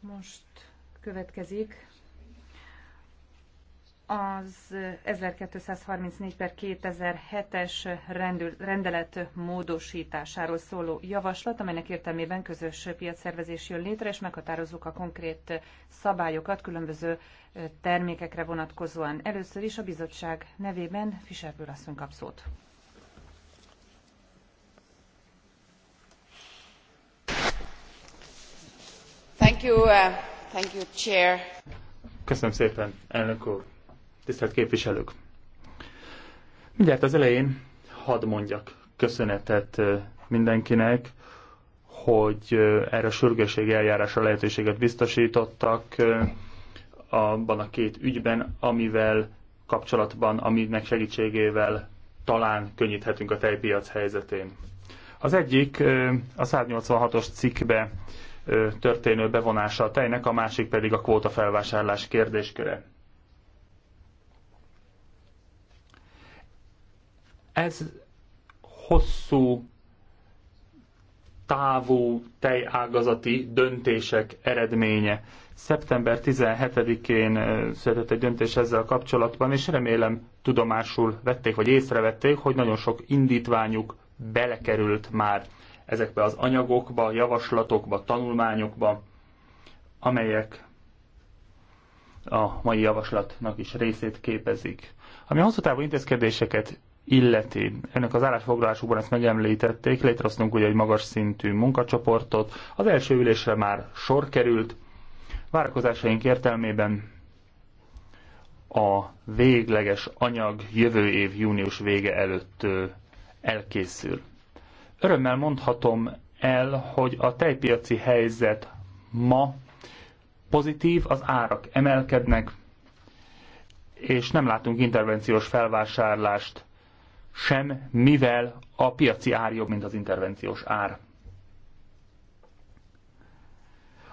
Most következik az 1234 per 2007-es rendelet módosításáról szóló javaslat, amelynek értelmében közös piacszervezés jön létre, és meghatározzuk a konkrét szabályokat különböző termékekre vonatkozóan. Először is a bizottság nevében Fischer asszony kap szót. Uh, Köszönöm szépen, elnök úr, tisztelt képviselők. Mindjárt az elején hadd mondjak köszönetet uh, mindenkinek, hogy uh, erre a sürgősségi eljárásra lehetőséget biztosítottak abban a két ügyben, amivel kapcsolatban, aminek segítségével talán könnyíthetünk a tejpiac helyzetén. Az egyik a 186-os cikkbe történő bevonása a tejnek, a másik pedig a kvóta felvásárlás kérdésköre. Ez hosszú távú tejágazati döntések eredménye. Szeptember 17-én született egy döntés ezzel kapcsolatban, és remélem tudomásul vették, vagy észrevették, hogy nagyon sok indítványuk belekerült már ezekbe az anyagokba, javaslatokba, tanulmányokba, amelyek a mai javaslatnak is részét képezik. Ami a hosszú távú intézkedéseket illeti. ennek az állásfoglalásukban ezt megemlítették, létrehoztunk ugye egy magas szintű munkacsoportot. Az első ülésre már sor került. Várakozásaink értelmében a végleges anyag jövő év június vége előtt elkészül. Örömmel mondhatom el, hogy a tejpiaci helyzet ma pozitív, az árak emelkednek, és nem látunk intervenciós felvásárlást sem, mivel a piaci ár jobb, mint az intervenciós ár.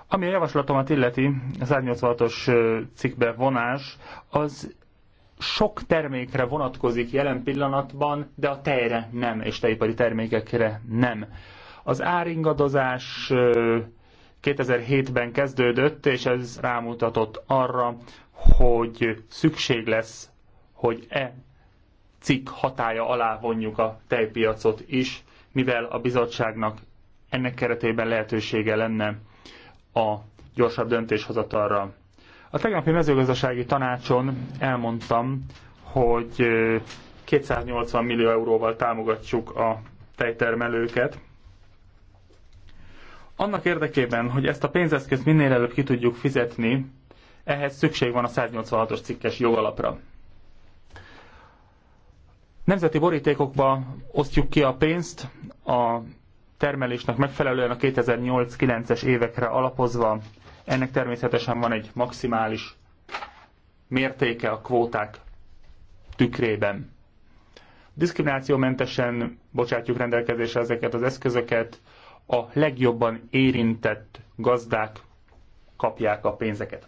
Ami a javaslatomat illeti, az 186-os cikkbe vonás, az sok termékre vonatkozik jelen pillanatban, de a tejre nem, és tejipari termékekre nem. Az áringadozás 2007-ben kezdődött, és ez rámutatott arra, hogy szükség lesz, hogy e cikk hatája alá vonjuk a tejpiacot is, mivel a bizottságnak ennek keretében lehetősége lenne a gyorsabb döntéshozatalra. A tegnapi mezőgazdasági tanácson elmondtam, hogy 280 millió euróval támogatjuk a tejtermelőket. Annak érdekében, hogy ezt a pénzeszközt minél előbb ki tudjuk fizetni, ehhez szükség van a 186-os cikkes jogalapra. Nemzeti borítékokba osztjuk ki a pénzt, a termelésnek megfelelően a 2008-9-es évekre alapozva ennek természetesen van egy maximális mértéke a kvóták tükrében. Diszkriminációmentesen bocsátjuk rendelkezésre ezeket az eszközöket, a legjobban érintett gazdák kapják a pénzeket.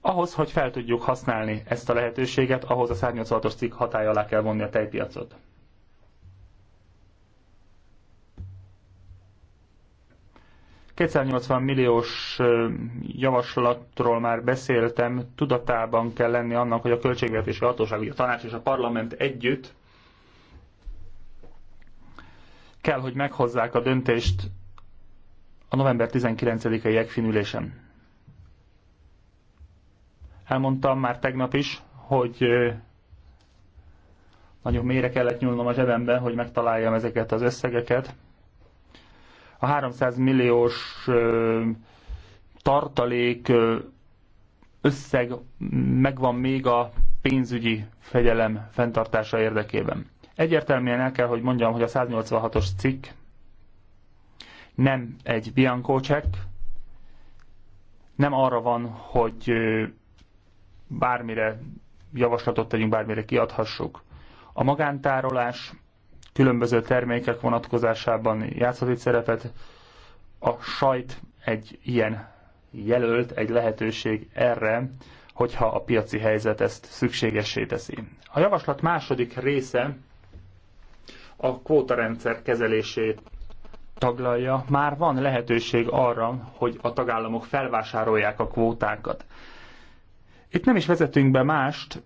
Ahhoz, hogy fel tudjuk használni ezt a lehetőséget, ahhoz a 186-os cikk hatája alá kell vonni a tejpiacot. 280 milliós javaslatról már beszéltem, tudatában kell lenni annak, hogy a költségvetési hatóság, a tanács és a parlament együtt kell, hogy meghozzák a döntést a november 19-i jegfinülésen. Elmondtam már tegnap is, hogy nagyon mélyre kellett nyúlnom a zsebembe, hogy megtaláljam ezeket az összegeket, a 300 milliós tartalék összeg megvan még a pénzügyi fegyelem fenntartása érdekében. Egyértelműen el kell, hogy mondjam, hogy a 186-os cikk nem egy bianco check, nem arra van, hogy bármire javaslatot tegyünk, bármire kiadhassuk. A magántárolás különböző termékek vonatkozásában játszhat itt szerepet. A sajt egy ilyen jelölt, egy lehetőség erre, hogyha a piaci helyzet ezt szükségessé teszi. A javaslat második része a kvótarendszer kezelését taglalja. Már van lehetőség arra, hogy a tagállamok felvásárolják a kvótákat. Itt nem is vezetünk be mást,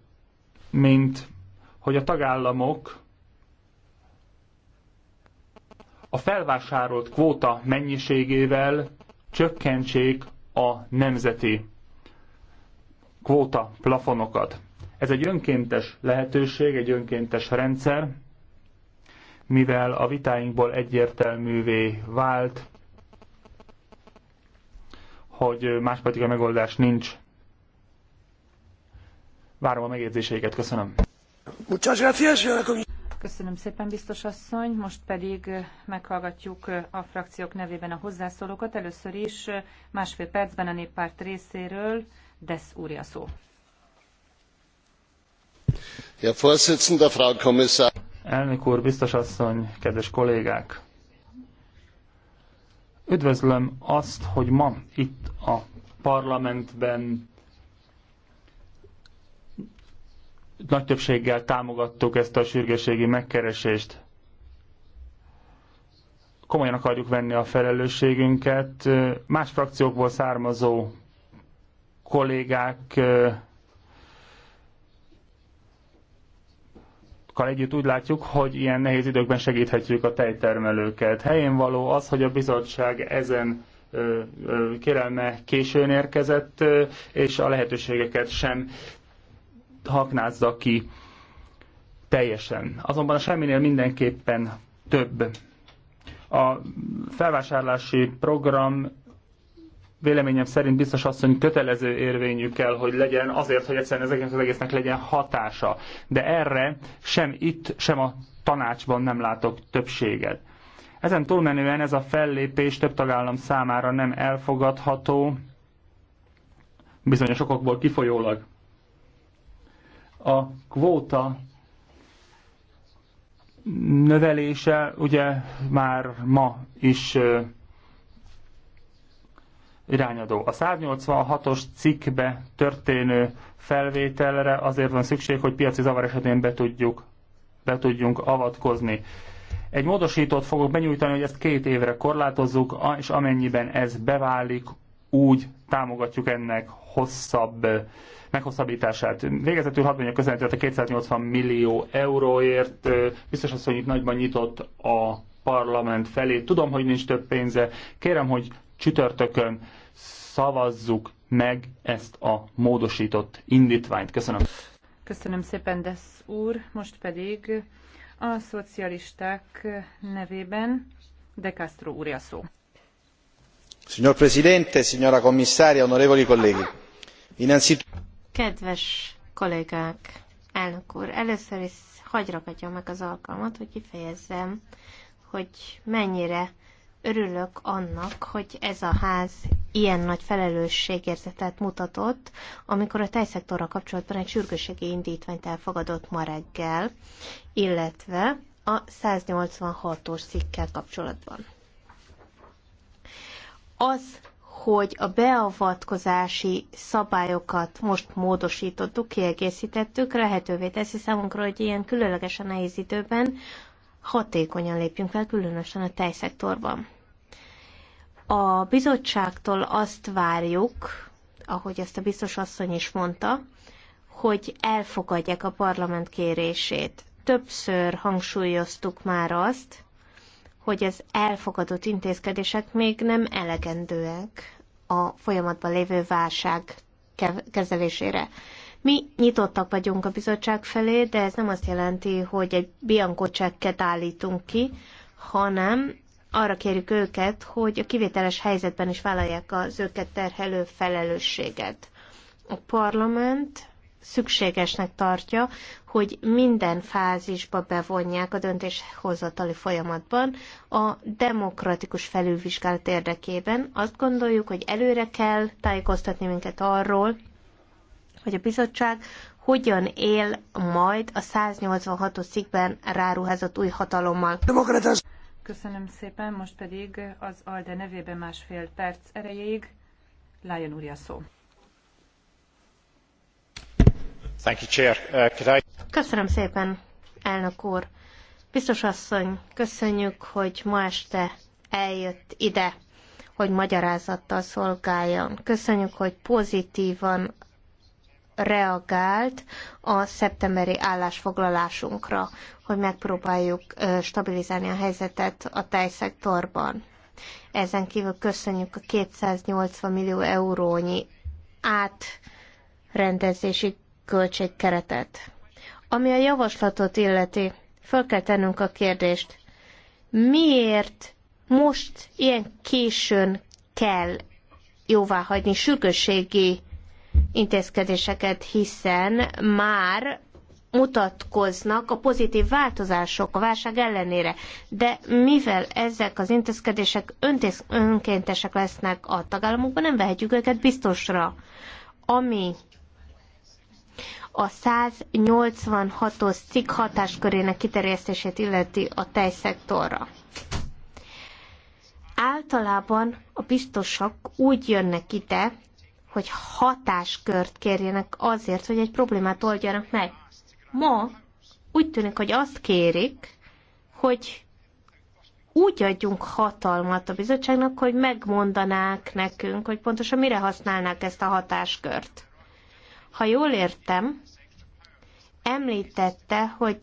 mint hogy a tagállamok a felvásárolt kvóta mennyiségével csökkentsék a nemzeti kvóta plafonokat. Ez egy önkéntes lehetőség, egy önkéntes rendszer, mivel a vitáinkból egyértelművé vált, hogy más pedig a megoldás nincs. Várom a megjegyzéseiket, köszönöm. Muchas gracias, señora Köszönöm szépen, biztos asszony. Most pedig meghallgatjuk a frakciók nevében a hozzászólókat. Először is másfél percben a néppárt részéről Desz úrja szó. Elnök úr, biztos asszony, kedves kollégák! Üdvözlöm azt, hogy ma itt a parlamentben nagy többséggel támogattuk ezt a sürgőségi megkeresést. Komolyan akarjuk venni a felelősségünket. Más frakciókból származó kollégák együtt úgy látjuk, hogy ilyen nehéz időkben segíthetjük a tejtermelőket. Helyén való az, hogy a bizottság ezen kérelme későn érkezett, és a lehetőségeket sem haknázza ki teljesen. Azonban a semminél mindenképpen több. A felvásárlási program véleményem szerint biztos asszony kötelező érvényű kell, hogy legyen azért, hogy egyszerűen ezeknek az egésznek legyen hatása. De erre sem itt, sem a tanácsban nem látok többséget. Ezen túlmenően ez a fellépés több tagállam számára nem elfogadható, bizonyos okokból kifolyólag a kvóta növelése ugye már ma is irányadó. A 186-os cikkbe történő felvételre azért van szükség, hogy piaci zavar esetén be, tudjuk, be tudjunk avatkozni. Egy módosítót fogok benyújtani, hogy ezt két évre korlátozzuk, és amennyiben ez beválik, úgy támogatjuk ennek hosszabb eh, meghosszabbítását. Végezetül hadd mondjak közelített a 280 millió euróért. Eh, biztos azt, hogy itt nagyban nyitott a parlament felé. Tudom, hogy nincs több pénze. Kérem, hogy csütörtökön szavazzuk meg ezt a módosított indítványt. Köszönöm. Köszönöm szépen, Desz úr. Most pedig a szocialisták nevében De Castro úr a szó signor presidente signora commissaria onorevoli colleghi kedves kollégák elnök úr először is hagy ragadjam meg az alkalmat hogy kifejezzem hogy mennyire örülök annak hogy ez a ház ilyen nagy felelősségérzetet mutatott amikor a tejszektorral kapcsolatban egy sürgősségi indítványt elfogadott ma reggel illetve a 186-os cikkel kapcsolatban. Az, hogy a beavatkozási szabályokat most módosítottuk, kiegészítettük, lehetővé teszi számunkra, hogy ilyen különlegesen nehéz időben hatékonyan lépjünk fel, különösen a tejszektorban. A bizottságtól azt várjuk, ahogy ezt a biztos asszony is mondta, hogy elfogadják a parlament kérését. Többször hangsúlyoztuk már azt, hogy az elfogadott intézkedések még nem elegendőek a folyamatban lévő válság kezelésére. Mi nyitottak vagyunk a bizottság felé, de ez nem azt jelenti, hogy egy bianco csekket állítunk ki, hanem arra kérjük őket, hogy a kivételes helyzetben is vállalják az őket terhelő felelősséget. A parlament szükségesnek tartja, hogy minden fázisba bevonják a döntéshozatali folyamatban a demokratikus felülvizsgálat érdekében. Azt gondoljuk, hogy előre kell tájékoztatni minket arról, hogy a bizottság hogyan él majd a 186-os ráruházott új hatalommal. Demokratás. Köszönöm szépen, most pedig az ALDE nevében másfél perc erejéig Lájon úrja szó. Uh, Köszönöm szépen, elnök úr. Biztos asszony, köszönjük, hogy ma este eljött ide, hogy magyarázattal szolgáljon. Köszönjük, hogy pozitívan reagált a szeptemberi állásfoglalásunkra, hogy megpróbáljuk stabilizálni a helyzetet a tejszektorban. Ezen kívül köszönjük a 280 millió eurónyi átrendezési költségkeretet. Ami a javaslatot illeti, föl kell tennünk a kérdést, miért most ilyen későn kell jóváhagyni sürgősségi intézkedéseket, hiszen már mutatkoznak a pozitív változások a válság ellenére. De mivel ezek az intézkedések önkéntesek lesznek a tagállamokban, nem vehetjük őket biztosra. Ami a 186-os cikk hatáskörének kiterjesztését illeti a tejszektorra. Általában a biztosak úgy jönnek ide, hogy hatáskört kérjenek azért, hogy egy problémát oldjanak meg. Ma úgy tűnik, hogy azt kérik, hogy úgy adjunk hatalmat a bizottságnak, hogy megmondanák nekünk, hogy pontosan mire használnák ezt a hatáskört. Ha jól értem, említette, hogy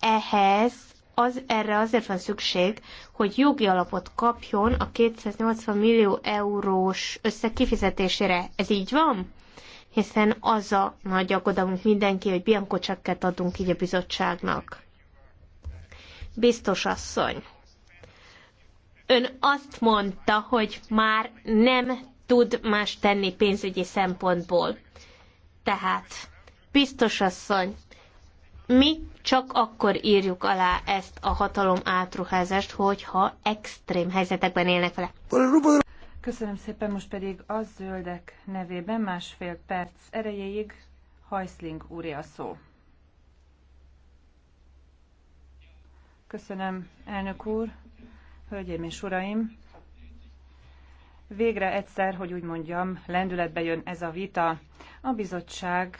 ehhez az, erre azért van szükség, hogy jogi alapot kapjon a 280 millió eurós összeg kifizetésére. Ez így van? Hiszen az a nagy aggodalmunk mindenki, hogy Bianco adunk így a bizottságnak. Biztos asszony. Ön azt mondta, hogy már nem tud más tenni pénzügyi szempontból. Tehát, biztos asszony, mi csak akkor írjuk alá ezt a hatalom átruházást, hogyha extrém helyzetekben élnek vele. Köszönöm szépen, most pedig a zöldek nevében másfél perc erejéig Hajszling úré a szó. Köszönöm, elnök úr, hölgyeim és uraim! végre egyszer, hogy úgy mondjam, lendületbe jön ez a vita. A bizottság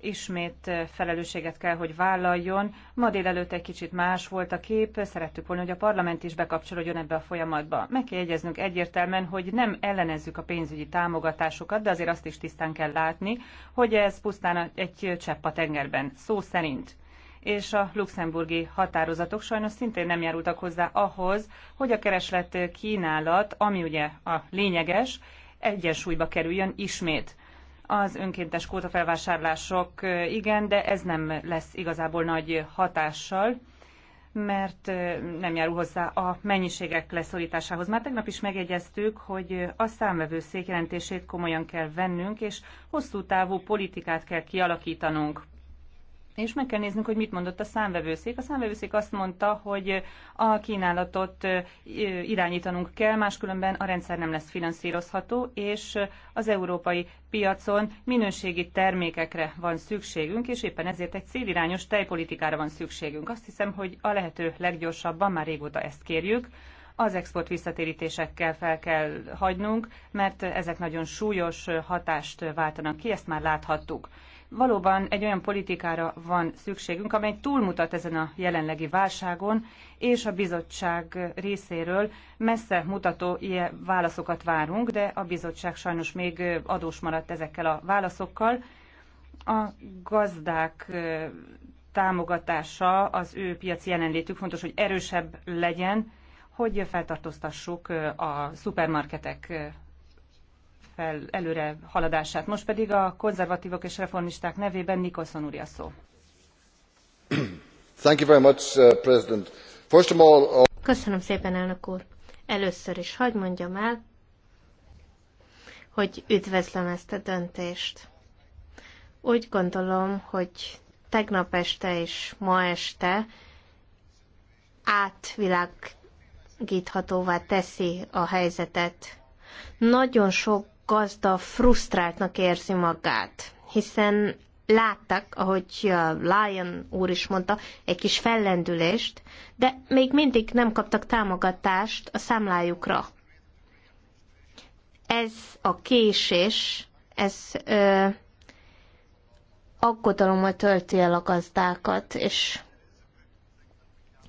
ismét felelősséget kell, hogy vállaljon. Ma délelőtt egy kicsit más volt a kép, szerettük volna, hogy a parlament is bekapcsolódjon ebbe a folyamatba. Meg kell jegyeznünk egyértelműen, hogy nem ellenezzük a pénzügyi támogatásokat, de azért azt is tisztán kell látni, hogy ez pusztán egy csepp a tengerben, szó szerint és a luxemburgi határozatok sajnos szintén nem járultak hozzá ahhoz, hogy a kereslet kínálat, ami ugye a lényeges, egyensúlyba kerüljön ismét. Az önkéntes kótafelvásárlások eh, igen, de ez nem lesz igazából nagy hatással mert eh, nem járul hozzá a mennyiségek leszorításához. Már tegnap is megjegyeztük, hogy eh, a számvevő jelentését komolyan kell vennünk, és hosszú távú politikát kell kialakítanunk és meg kell néznünk, hogy mit mondott a számvevőszék. A számvevőszék azt mondta, hogy a kínálatot irányítanunk kell, máskülönben a rendszer nem lesz finanszírozható, és az európai piacon minőségi termékekre van szükségünk, és éppen ezért egy célirányos tejpolitikára van szükségünk. Azt hiszem, hogy a lehető leggyorsabban, már régóta ezt kérjük, az export visszatérítésekkel fel kell hagynunk, mert ezek nagyon súlyos hatást váltanak ki, ezt már láthattuk. Valóban egy olyan politikára van szükségünk, amely túlmutat ezen a jelenlegi válságon, és a bizottság részéről messze mutató ilyen válaszokat várunk, de a bizottság sajnos még adós maradt ezekkel a válaszokkal. A gazdák támogatása, az ő piaci jelenlétük fontos, hogy erősebb legyen, hogy feltartóztassuk a szupermarketek fel, előre haladását. Most pedig a konzervatívok és reformisták nevében Nikolson úr a szó. Thank you very much, uh, President. First of all, uh... Köszönöm szépen, elnök úr. Először is hagyd mondjam el, hogy üdvözlöm ezt a döntést. Úgy gondolom, hogy tegnap este és ma este átvilágíthatóvá teszi a helyzetet. Nagyon sok gazda frusztráltnak érzi magát, hiszen láttak, ahogy Lion úr is mondta, egy kis fellendülést, de még mindig nem kaptak támogatást a számlájukra. Ez a késés, ez ö, aggodalommal tölti el a gazdákat, és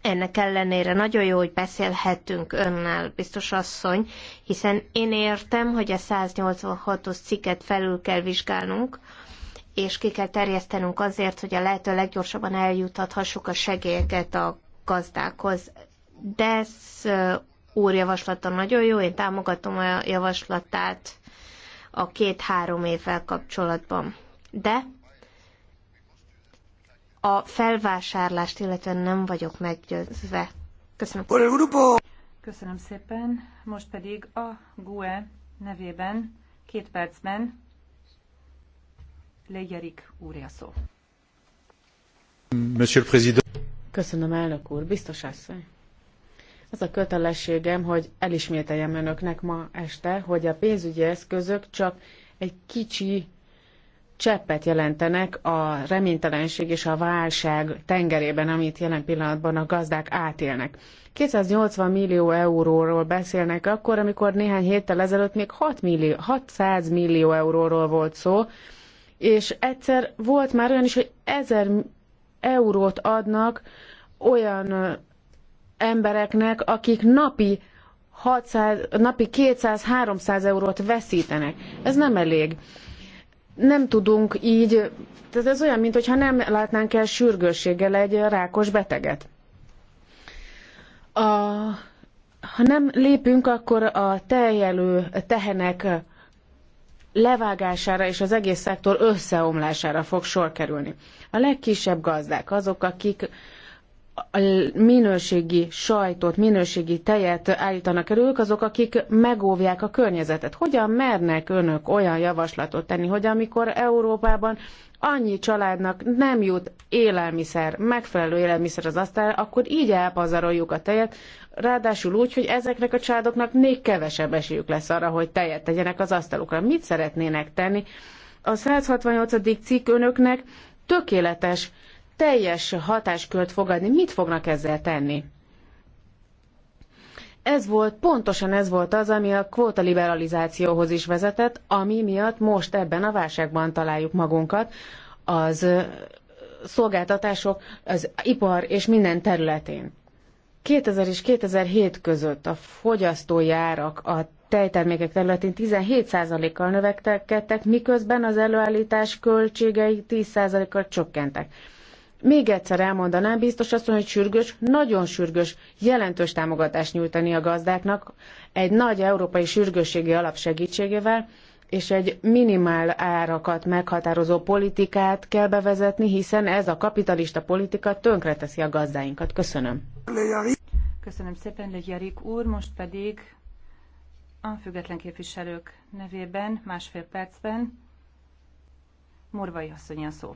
ennek ellenére nagyon jó, hogy beszélhetünk önnel, biztos asszony, hiszen én értem, hogy a 186-os cikket felül kell vizsgálnunk, és ki kell terjesztenünk azért, hogy a lehető leggyorsabban eljutathassuk a segélyeket a gazdákhoz. De ez úr javaslata nagyon jó, én támogatom a javaslatát a két-három évvel kapcsolatban. De a felvásárlást, illetve nem vagyok meggyőzve. Köszönöm szépen. Köszönöm szépen. Most pedig a GUE nevében két percben Legyerik úr a szó. Monsieur le Président. Köszönöm, elnök úr. Biztos asszony. Az a kötelességem, hogy elismételjem önöknek ma este, hogy a pénzügyi eszközök csak egy kicsi cseppet jelentenek a reménytelenség és a válság tengerében, amit jelen pillanatban a gazdák átélnek. 280 millió euróról beszélnek akkor, amikor néhány héttel ezelőtt még 6 millió, 600 millió euróról volt szó, és egyszer volt már olyan is, hogy 1000 eurót adnak olyan embereknek, akik napi 600, napi 200-300 eurót veszítenek. Ez nem elég nem tudunk így, tehát ez olyan, mintha nem látnánk el sürgősséggel egy rákos beteget. A, ha nem lépünk, akkor a teljelő tehenek levágására és az egész szektor összeomlására fog sor kerülni. A legkisebb gazdák, azok, akik a minőségi sajtot, minőségi tejet állítanak elő, azok, akik megóvják a környezetet. Hogyan mernek önök olyan javaslatot tenni, hogy amikor Európában annyi családnak nem jut élelmiszer, megfelelő élelmiszer az asztalra, akkor így elpazaroljuk a tejet, ráadásul úgy, hogy ezeknek a családoknak még kevesebb esélyük lesz arra, hogy tejet tegyenek az asztalukra. Mit szeretnének tenni? A 168. cikk önöknek tökéletes teljes hatáskört fogadni, mit fognak ezzel tenni? Ez volt, pontosan ez volt az, ami a kvóta liberalizációhoz is vezetett, ami miatt most ebben a válságban találjuk magunkat, az szolgáltatások, az ipar és minden területén. 2000 és 2007 között a fogyasztói árak a tejtermékek területén 17%-kal növekedtek, miközben az előállítás költségei 10%-kal csökkentek. Még egyszer elmondanám, biztos azt mondja, hogy sürgős, nagyon sürgős, jelentős támogatást nyújtani a gazdáknak egy nagy európai sürgősségi alap segítségével, és egy minimál árakat meghatározó politikát kell bevezetni, hiszen ez a kapitalista politika tönkreteszi a gazdáinkat. Köszönöm. Köszönöm szépen, Legyarik úr, most pedig a független képviselők nevében másfél percben Morvai asszony a szó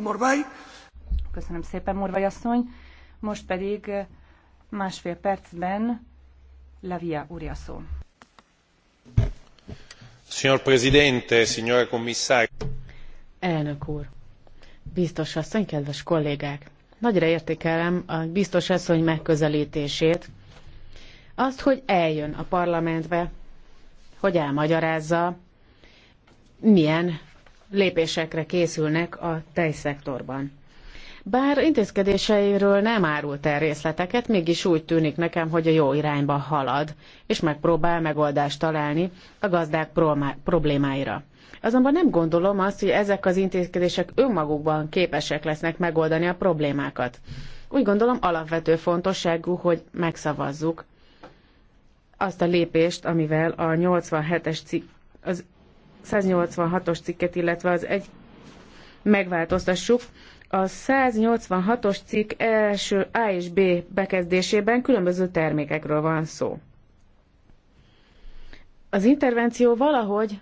Morvai. Köszönöm szépen, Morvai asszony. Most pedig másfél percben Lavia úr a szó. Signor Presidente, signora Commissario. Elnök úr, biztos asszony, kedves kollégák! Nagyra értékelem a biztos asszony megközelítését, azt, hogy eljön a parlamentbe, hogy elmagyarázza, milyen lépésekre készülnek a tejszektorban. Bár intézkedéseiről nem árult el részleteket, mégis úgy tűnik nekem, hogy a jó irányba halad, és megpróbál megoldást találni a gazdák problémáira. Azonban nem gondolom azt, hogy ezek az intézkedések önmagukban képesek lesznek megoldani a problémákat. Úgy gondolom alapvető fontosságú, hogy megszavazzuk azt a lépést, amivel a 87-es cikk, az 186-os cikket, illetve az egy megváltoztassuk. A 186-os cikk első A és B bekezdésében különböző termékekről van szó. Az intervenció valahogy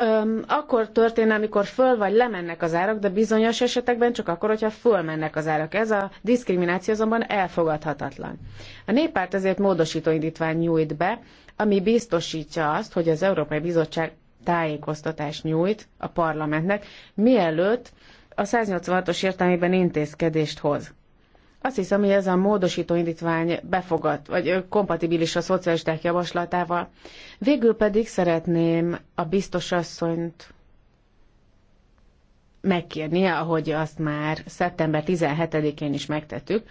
öm, akkor történne, amikor föl vagy lemennek az árak, de bizonyos esetekben csak akkor, hogyha fölmennek az árak. Ez a diszkrimináció azonban elfogadhatatlan. A néppárt ezért módosító indítvány nyújt be, ami biztosítja azt, hogy az Európai Bizottság tájékoztatást nyújt a parlamentnek, mielőtt a 186-os értelmében intézkedést hoz. Azt hiszem, hogy ez a módosító indítvány befogad, vagy kompatibilis a szocialisták javaslatával. Végül pedig szeretném a biztos asszonyt megkérnie, ahogy azt már szeptember 17-én is megtettük,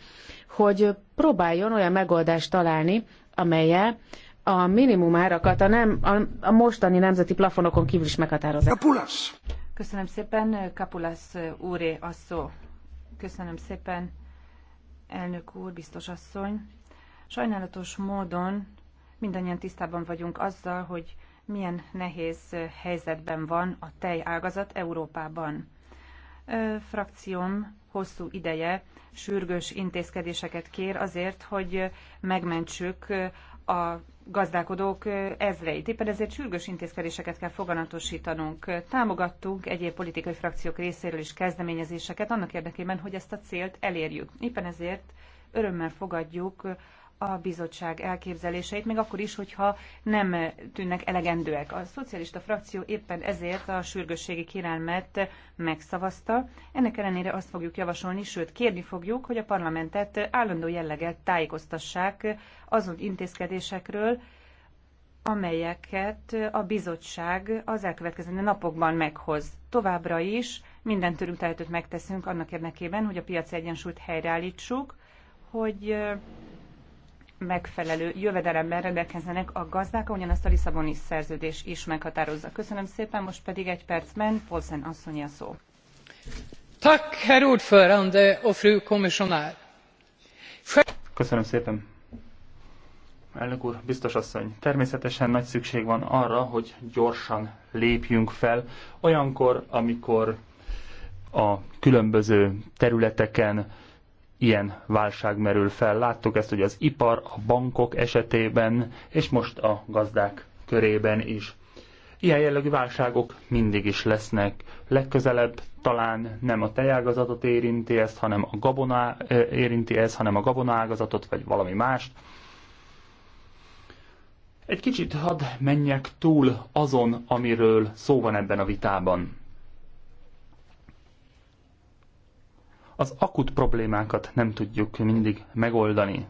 hogy próbáljon olyan megoldást találni, amelyel a minimum árakat a, nem, a, a mostani nemzeti plafonokon kívül is meghatározzák. Kapulas! Köszönöm szépen, Kapulas úré a szó. Köszönöm szépen, elnök úr, biztos asszony. Sajnálatos módon mindannyian tisztában vagyunk azzal, hogy milyen nehéz helyzetben van a tejágazat Európában. Frakcióm hosszú ideje sürgős intézkedéseket kér azért, hogy megmentsük a gazdálkodók ezreit. Éppen ezért sürgős intézkedéseket kell foganatosítanunk. Támogattunk egyéb politikai frakciók részéről is kezdeményezéseket annak érdekében, hogy ezt a célt elérjük. Éppen ezért örömmel fogadjuk a bizottság elképzeléseit, még akkor is, hogyha nem tűnnek elegendőek. A szocialista frakció éppen ezért a sürgősségi kérelmet megszavazta. Ennek ellenére azt fogjuk javasolni, sőt kérni fogjuk, hogy a parlamentet állandó jelleggel tájékoztassák azon intézkedésekről, amelyeket a bizottság az elkövetkező napokban meghoz. Továbbra is minden tőlünk tehetőt megteszünk annak érdekében, hogy a piaci egyensúlyt helyreállítsuk, hogy megfelelő jövedelemben rendelkezzenek a gazdák, ugyanazt a Lisszaboni szerződés is meghatározza. Köszönöm szépen, most pedig egy men, Polszen asszony a szó. Tak, herr ordförande och fru kommissionär. Köszönöm szépen. Elnök úr, biztos asszony, természetesen nagy szükség van arra, hogy gyorsan lépjünk fel, olyankor, amikor a különböző területeken ilyen válság merül fel. Láttuk ezt, hogy az ipar a bankok esetében, és most a gazdák körében is. Ilyen jellegű válságok mindig is lesznek. Legközelebb talán nem a tejágazatot érinti ezt, hanem a gabona érinti ez, hanem a gabonaágazatot, vagy valami mást. Egy kicsit hadd menjek túl azon, amiről szó van ebben a vitában. az akut problémákat nem tudjuk mindig megoldani.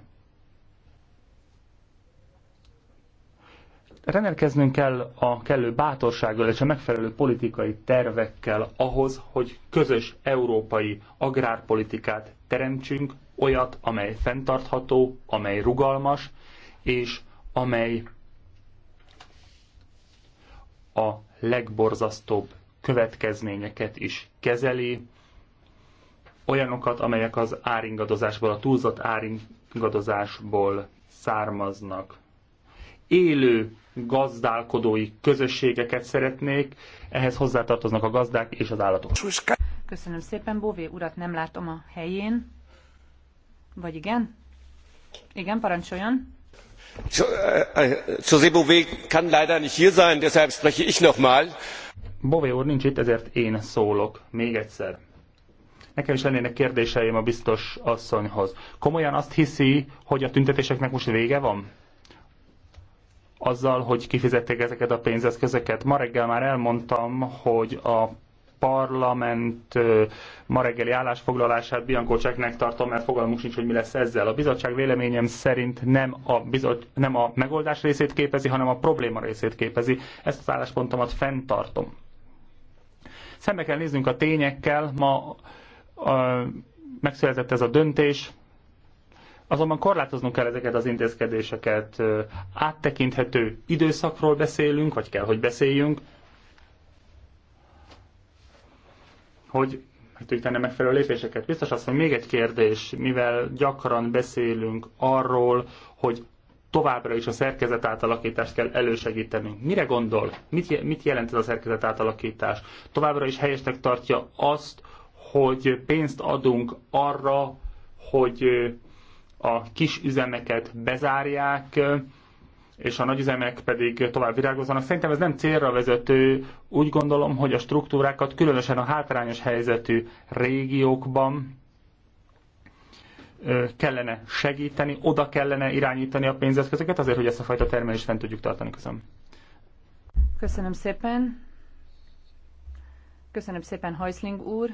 rendelkeznünk kell a kellő bátorsággal és a megfelelő politikai tervekkel ahhoz, hogy közös európai agrárpolitikát teremtsünk, olyat, amely fenntartható, amely rugalmas, és amely a legborzasztóbb következményeket is kezeli, olyanokat, amelyek az áringadozásból, a túlzott áringadozásból származnak. Élő gazdálkodói közösségeket szeretnék, ehhez hozzátartoznak a gazdák és az állatok. Köszönöm szépen, Bové urat nem látom a helyén. Vagy igen? Igen, parancsoljon. José äh, Bové kann leider nicht hier sein, deshalb spreche ich nochmal. Bové úr nincs itt, ezért én szólok még egyszer. Nekem is lennének kérdéseim a biztos asszonyhoz. Komolyan azt hiszi, hogy a tüntetéseknek most vége van? Azzal, hogy kifizették ezeket a pénzeszközöket. Ma reggel már elmondtam, hogy a parlament ma reggeli állásfoglalását Bianco Cseknek tartom, mert fogalmunk sincs, hogy mi lesz ezzel. A bizottság véleményem szerint nem a, bizot, nem a megoldás részét képezi, hanem a probléma részét képezi. Ezt az álláspontomat fenntartom. Szembe kell néznünk a tényekkel, ma megszületett ez a döntés, azonban korlátoznunk kell ezeket az intézkedéseket. Áttekinthető időszakról beszélünk, vagy kell, hogy beszéljünk, hogy tudjuk hát tenni megfelelő lépéseket. Biztos azt, hogy még egy kérdés, mivel gyakran beszélünk arról, hogy továbbra is a szerkezet átalakítást kell elősegítenünk. Mire gondol? Mit, mit jelent ez a szerkezet átalakítás? Továbbra is helyesnek tartja azt, hogy pénzt adunk arra, hogy a kis üzemeket bezárják, és a nagyüzemek pedig tovább virágozzanak. Szerintem ez nem célra vezető. Úgy gondolom, hogy a struktúrákat, különösen a hátrányos helyzetű régiókban kellene segíteni, oda kellene irányítani a pénzeszközöket azért, hogy ezt a fajta termelést fent tudjuk tartani. Köszönöm. Köszönöm szépen. Köszönöm szépen, Hajszling úr.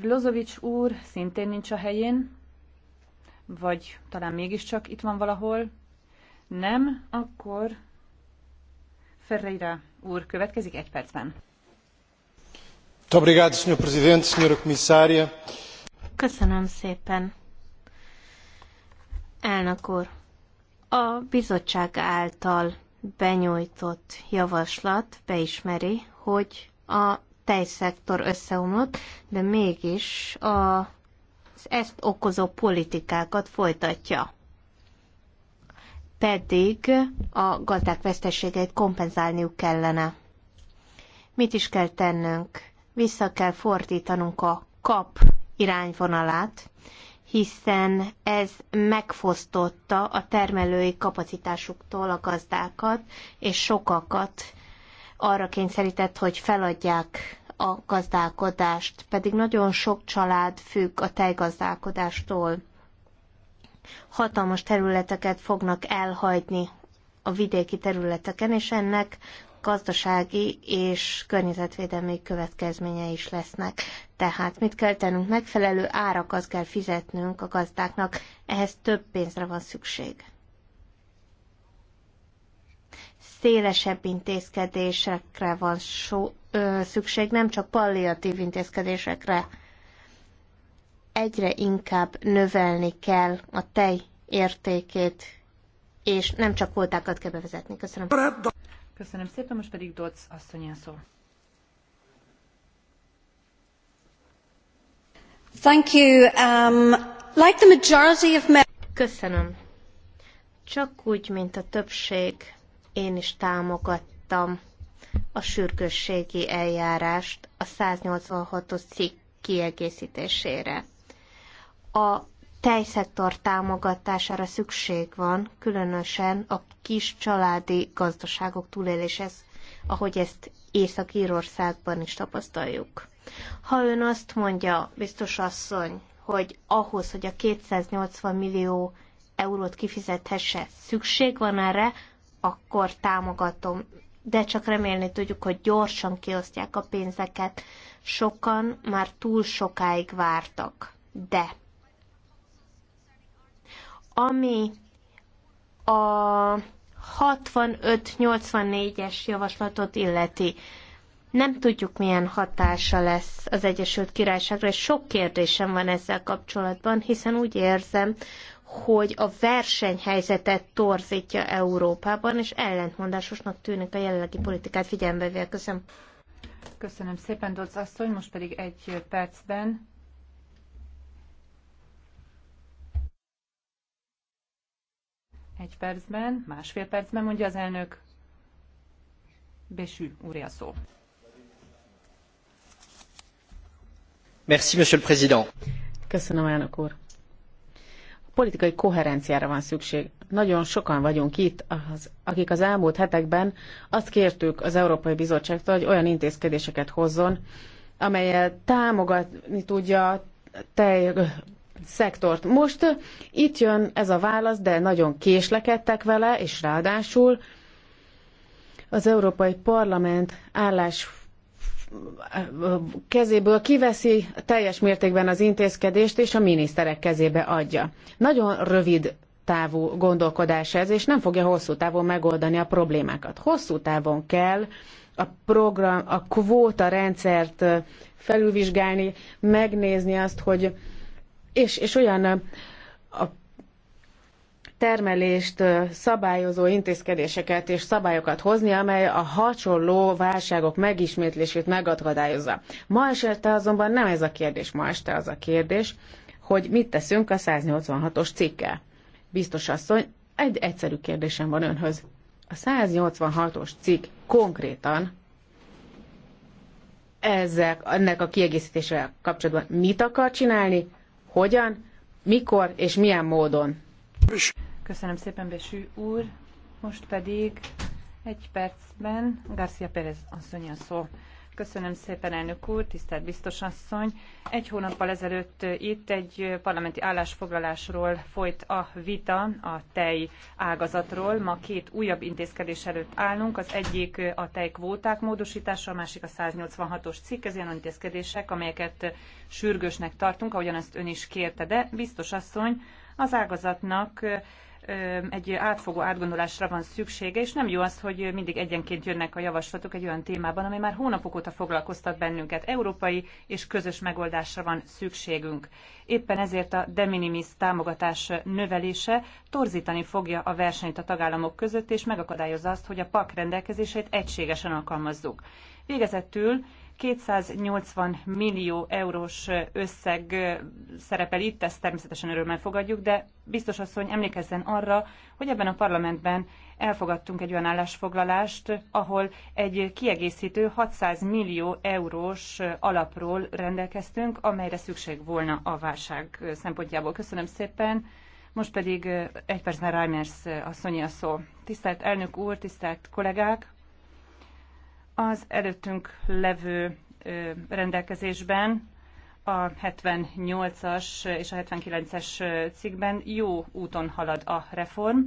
Vlozovics úr szintén nincs a helyén, vagy talán mégiscsak itt van valahol. Nem, akkor Ferreira úr következik egy percben. Köszönöm szépen. Elnök úr, a bizottság által benyújtott javaslat beismeri, hogy a tejszektor összeomlott, de mégis a, az ezt okozó politikákat folytatja. Pedig a gazdák veszteségeit kompenzálniuk kellene. Mit is kell tennünk? Vissza kell fordítanunk a kap irányvonalát, hiszen ez megfosztotta a termelői kapacitásuktól a gazdákat, és sokakat arra kényszerített, hogy feladják a gazdálkodást, pedig nagyon sok család függ a tejgazdálkodástól. Hatalmas területeket fognak elhagyni a vidéki területeken, és ennek gazdasági és környezetvédelmi következménye is lesznek. Tehát mit kell tennünk? Megfelelő árakat kell fizetnünk a gazdáknak, ehhez több pénzre van szükség. szélesebb intézkedésekre van so, ö, szükség, nem csak palliatív intézkedésekre. Egyre inkább növelni kell a tej értékét, és nem csak voltákat kell bevezetni. Köszönöm. Köszönöm szépen, most pedig Dodds asszonyán szó. Thank you. Um, like the majority of Köszönöm. Csak úgy, mint a többség én is támogattam a sürgősségi eljárást a 186-os cikk kiegészítésére. A tejszektor támogatására szükség van, különösen a kis családi gazdaságok túléléshez, ahogy ezt Észak-Írországban is tapasztaljuk. Ha ön azt mondja, biztos asszony, hogy ahhoz, hogy a 280 millió eurót kifizethesse, szükség van erre, akkor támogatom. De csak remélni tudjuk, hogy gyorsan kiosztják a pénzeket. Sokan már túl sokáig vártak. De ami a 65-84-es javaslatot illeti, nem tudjuk, milyen hatása lesz az Egyesült Királyságra, és sok kérdésem van ezzel kapcsolatban, hiszen úgy érzem, hogy a versenyhelyzetet torzítja Európában, és ellentmondásosnak tűnik a jelenlegi politikát figyelembe véve. Köszönöm. Köszönöm szépen, Dodz asszony. Most pedig egy percben Egy percben, másfél percben mondja az elnök. Bésű, úr a szó. Merci, monsieur le président. Köszönöm, elnök úr politikai koherenciára van szükség. Nagyon sokan vagyunk itt, az, akik az elmúlt hetekben azt kértük az Európai Bizottságtól, hogy olyan intézkedéseket hozzon, amelyel támogatni tudja a tej szektort. Most itt jön ez a válasz, de nagyon késlekedtek vele, és ráadásul az Európai Parlament állás kezéből kiveszi teljes mértékben az intézkedést, és a miniszterek kezébe adja. Nagyon rövid távú gondolkodás ez, és nem fogja hosszú távon megoldani a problémákat. Hosszú távon kell a program, a kvóta rendszert felülvizsgálni, megnézni azt, hogy és, és olyan a termelést szabályozó intézkedéseket és szabályokat hozni, amely a hasonló válságok megismétlését megakadályozza. Ma este azonban nem ez a kérdés, ma este az a kérdés, hogy mit teszünk a 186-os cikkel. Biztos asszony, egy egyszerű kérdésem van önhöz. A 186-os cikk konkrétan ezzel, ennek a kiegészítésével kapcsolatban mit akar csinálni, hogyan, mikor és milyen módon? Köszönöm szépen, Besű úr. Most pedig egy percben Garcia Pérez asszony a szó. Köszönöm szépen, elnök úr, tisztelt biztos asszony. Egy hónappal ezelőtt itt egy parlamenti állásfoglalásról folyt a vita a tej ágazatról. Ma két újabb intézkedés előtt állunk. Az egyik a tejkvóták módosítása, a másik a 186-os cikk. Ez ilyen intézkedések, amelyeket sürgősnek tartunk, ahogyan ezt ön is kérte. De biztos asszony, az ágazatnak egy átfogó átgondolásra van szüksége, és nem jó az, hogy mindig egyenként jönnek a javaslatok egy olyan témában, ami már hónapok óta foglalkoztat bennünket. Európai és közös megoldásra van szükségünk. Éppen ezért a de minimis támogatás növelése torzítani fogja a versenyt a tagállamok között, és megakadályozza azt, hogy a PAK rendelkezését egységesen alkalmazzuk. Végezetül 280 millió eurós összeg szerepel itt, ezt természetesen örömmel fogadjuk, de biztos asszony emlékezzen arra, hogy ebben a parlamentben elfogadtunk egy olyan állásfoglalást, ahol egy kiegészítő 600 millió eurós alapról rendelkeztünk, amelyre szükség volna a válság szempontjából. Köszönöm szépen! Most pedig egy percben Reimers asszonyi a szó. Tisztelt elnök úr, tisztelt kollégák! Az előttünk levő rendelkezésben a 78-as és a 79-es cikkben jó úton halad a reform.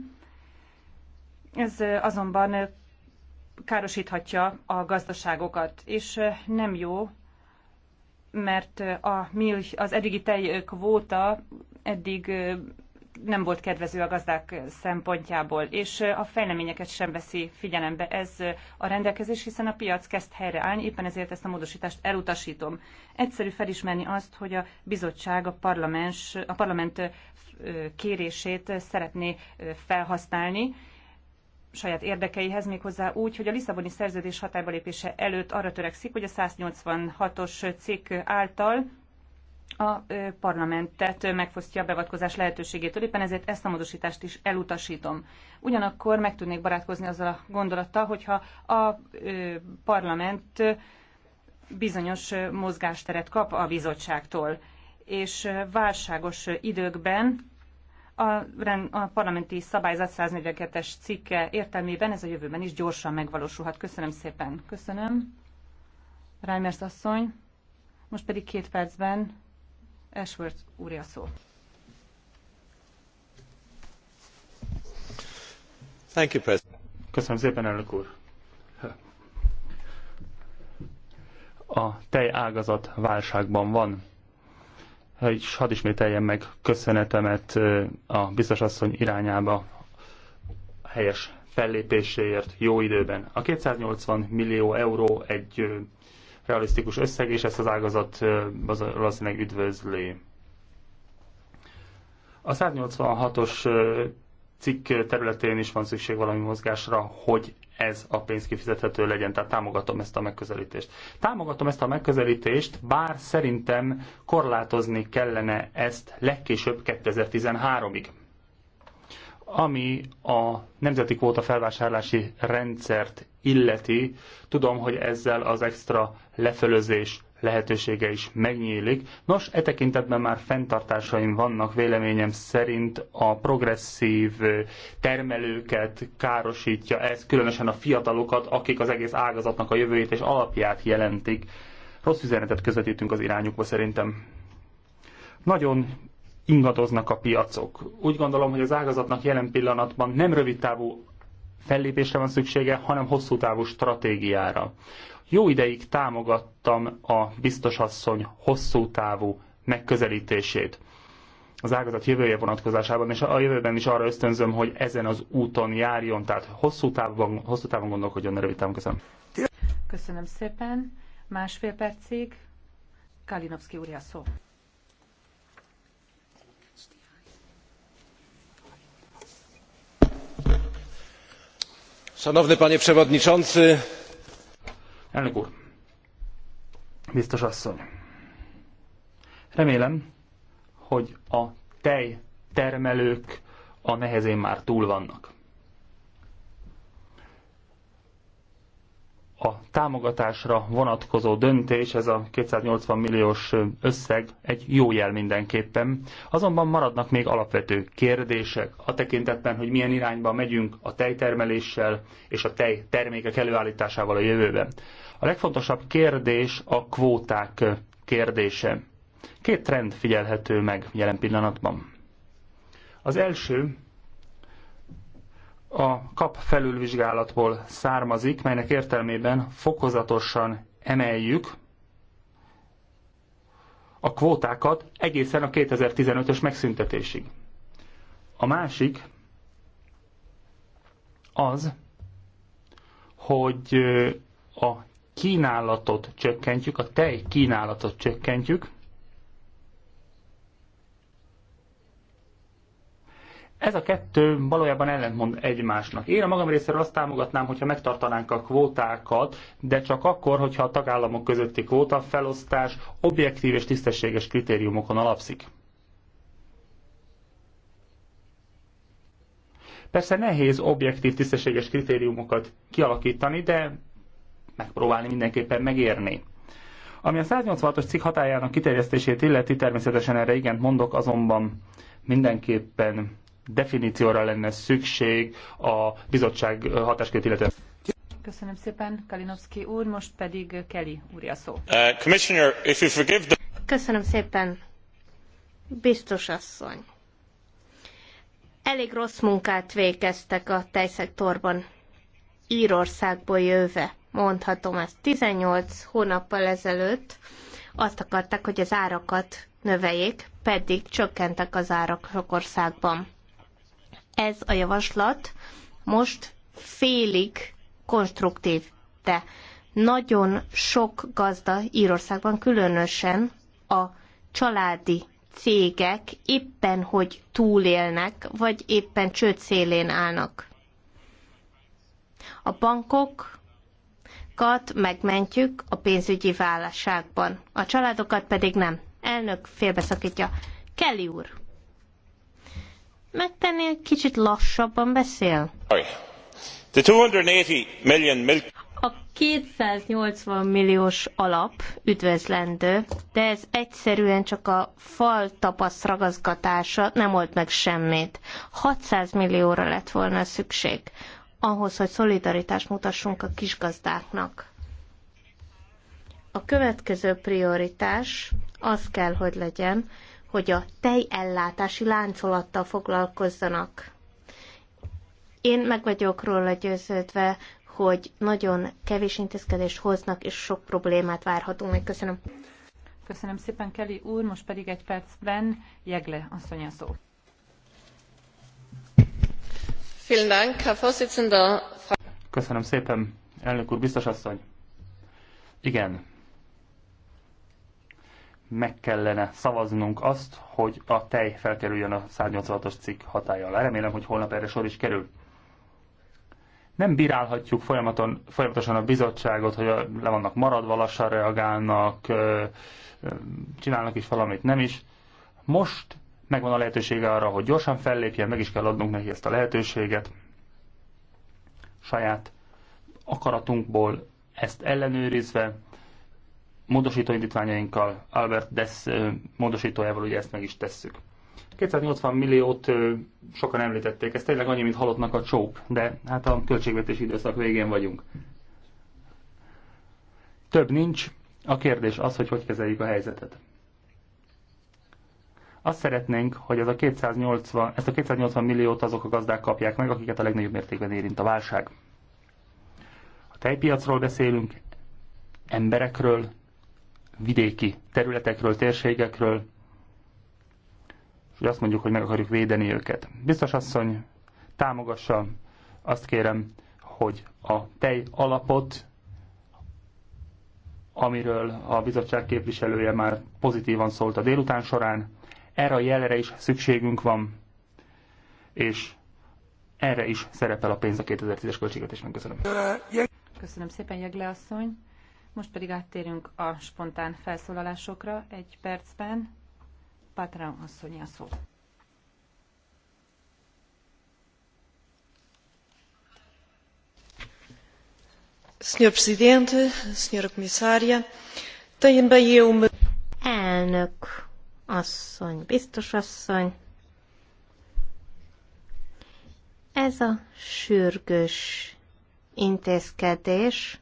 Ez azonban károsíthatja a gazdaságokat, és nem jó, mert a, az eddigi kvóta eddig nem volt kedvező a gazdák szempontjából, és a fejleményeket sem veszi figyelembe ez a rendelkezés, hiszen a piac kezd helyreállni, éppen ezért ezt a módosítást elutasítom. Egyszerű felismerni azt, hogy a bizottság a, parlament, a parlament kérését szeretné felhasználni, saját érdekeihez, méghozzá úgy, hogy a Lisszaboni szerződés hatályba lépése előtt arra törekszik, hogy a 186-os cikk által a parlamentet megfosztja a beavatkozás lehetőségétől, éppen ezért ezt a módosítást is elutasítom. Ugyanakkor meg tudnék barátkozni azzal a gondolattal, hogyha a parlament bizonyos mozgásteret kap a bizottságtól, és válságos időkben a, a parlamenti szabályzat 142-es cikke értelmében ez a jövőben is gyorsan megvalósulhat. Köszönöm szépen. Köszönöm. Reimers asszony. Most pedig két percben Ashworth úrja szó. Thank you, President. Köszönöm szépen, elnök úr. A tej ágazat válságban van. És hadd ismételjem meg köszönetemet a biztosasszony irányába helyes fellépéséért jó időben. A 280 millió euró egy realisztikus összeg, és ezt az ágazat valószínűleg üdvözli. A 186-os cikk területén is van szükség valami mozgásra, hogy ez a pénz kifizethető legyen, tehát támogatom ezt a megközelítést. Támogatom ezt a megközelítést, bár szerintem korlátozni kellene ezt legkésőbb 2013-ig. Ami a nemzeti kvóta felvásárlási rendszert illeti, tudom, hogy ezzel az extra lefölözés lehetősége is megnyílik. Nos, e tekintetben már fenntartásaim vannak véleményem szerint a progresszív termelőket károsítja ez, különösen a fiatalokat, akik az egész ágazatnak a jövőjét és alapját jelentik. Rossz üzenetet közvetítünk az irányukba szerintem. Nagyon ingadoznak a piacok. Úgy gondolom, hogy az ágazatnak jelen pillanatban nem rövidtávú fellépésre van szüksége, hanem hosszú távú stratégiára. Jó ideig támogattam a biztosasszony hosszú távú megközelítését az ágazat jövője vonatkozásában, és a jövőben is arra ösztönzöm, hogy ezen az úton járjon, tehát hosszú távon, hosszú távon gondolkodjon, ne rövid távon. Köszönöm. Köszönöm szépen. Másfél percig Kalinowski úr a szó. Szanowny panie przewodniczący! Elnök úr! Biztos asszony! Remélem, hogy a tejtermelők a nehezén már túl vannak. a támogatásra vonatkozó döntés, ez a 280 milliós összeg egy jó jel mindenképpen. Azonban maradnak még alapvető kérdések a tekintetben, hogy milyen irányba megyünk a tejtermeléssel és a tejtermékek előállításával a jövőben. A legfontosabb kérdés a kvóták kérdése. Két trend figyelhető meg jelen pillanatban. Az első a kap felülvizsgálatból származik, melynek értelmében fokozatosan emeljük a kvótákat egészen a 2015-ös megszüntetésig. A másik az, hogy a kínálatot csökkentjük, a tej kínálatot csökkentjük, Ez a kettő valójában ellentmond egymásnak. Én a magam részéről azt támogatnám, hogyha megtartanánk a kvótákat, de csak akkor, hogyha a tagállamok közötti kvóta felosztás objektív és tisztességes kritériumokon alapszik. Persze nehéz objektív, tisztességes kritériumokat kialakítani, de megpróbálni mindenképpen megérni. Ami a 186-os cikk hatájának kiterjesztését illeti, természetesen erre igent mondok, azonban mindenképpen definícióra lenne szükség a bizottság hatáskörét illetve. Köszönöm szépen, Kalinowski úr, most pedig Kelly úr a szó. Uh, commissioner, if you forgive the... Köszönöm szépen, biztos asszony. Elég rossz munkát végeztek a tejszektorban. Írországból jöve, mondhatom ezt. 18 hónappal ezelőtt azt akarták, hogy az árakat növeljék, pedig csökkentek az árak sok országban ez a javaslat most félig konstruktív, de nagyon sok gazda Írországban, különösen a családi cégek éppen hogy túlélnek, vagy éppen csőd szélén állnak. A bankokat megmentjük a pénzügyi válságban, a családokat pedig nem. Elnök félbeszakítja. Kelly úr! megtenni, hogy kicsit lassabban beszél? The 280 million milk... A 280 milliós alap üdvözlendő, de ez egyszerűen csak a fal tapaszt ragaszgatása, nem volt meg semmit. 600 millióra lett volna szükség ahhoz, hogy szolidaritást mutassunk a kisgazdáknak. A következő prioritás az kell, hogy legyen, hogy a tejellátási láncolattal foglalkozzanak. Én meg vagyok róla győződve, hogy nagyon kevés intézkedést hoznak, és sok problémát várhatunk még. Köszönöm. Köszönöm szépen, Kelly úr. Most pedig egy percben Jegle asszony a szó. Köszönöm szépen, elnök úr, biztos asszony. Igen, meg kellene szavaznunk azt, hogy a tej felkerüljön a 186-os cikk hatája alá. Remélem, hogy holnap erre sor is kerül. Nem bírálhatjuk folyamaton, folyamatosan a bizottságot, hogy le vannak maradva, lassan reagálnak, csinálnak is valamit, nem is. Most megvan a lehetősége arra, hogy gyorsan fellépjen, meg is kell adnunk neki ezt a lehetőséget. Saját akaratunkból ezt ellenőrizve, módosító indítványainkkal, Albert Dess módosítójával ugye ezt meg is tesszük. 280 milliót sokan említették, ez tényleg annyi, mint halottnak a csók, de hát a költségvetési időszak végén vagyunk. Több nincs, a kérdés az, hogy hogy kezeljük a helyzetet. Azt szeretnénk, hogy ez a 280, ezt a 280 milliót azok a gazdák kapják meg, akiket a legnagyobb mértékben érint a válság. A tejpiacról beszélünk, emberekről, vidéki területekről, térségekről, és azt mondjuk, hogy meg akarjuk védeni őket. Biztos asszony, támogassa, azt kérem, hogy a tej alapot, amiről a bizottság képviselője már pozitívan szólt a délután során, erre a jelre is szükségünk van, és erre is szerepel a pénz a 2010-es költségvetésben. Köszönöm. Köszönöm szépen, Jegle asszony. Most pedig áttérünk a spontán felszólalásokra egy percben. Pátran asszony a szó. Sr. Presidente, Sr. Comissária, Tejénbe eu Elnök asszony, biztos asszony, ez a sürgős intézkedés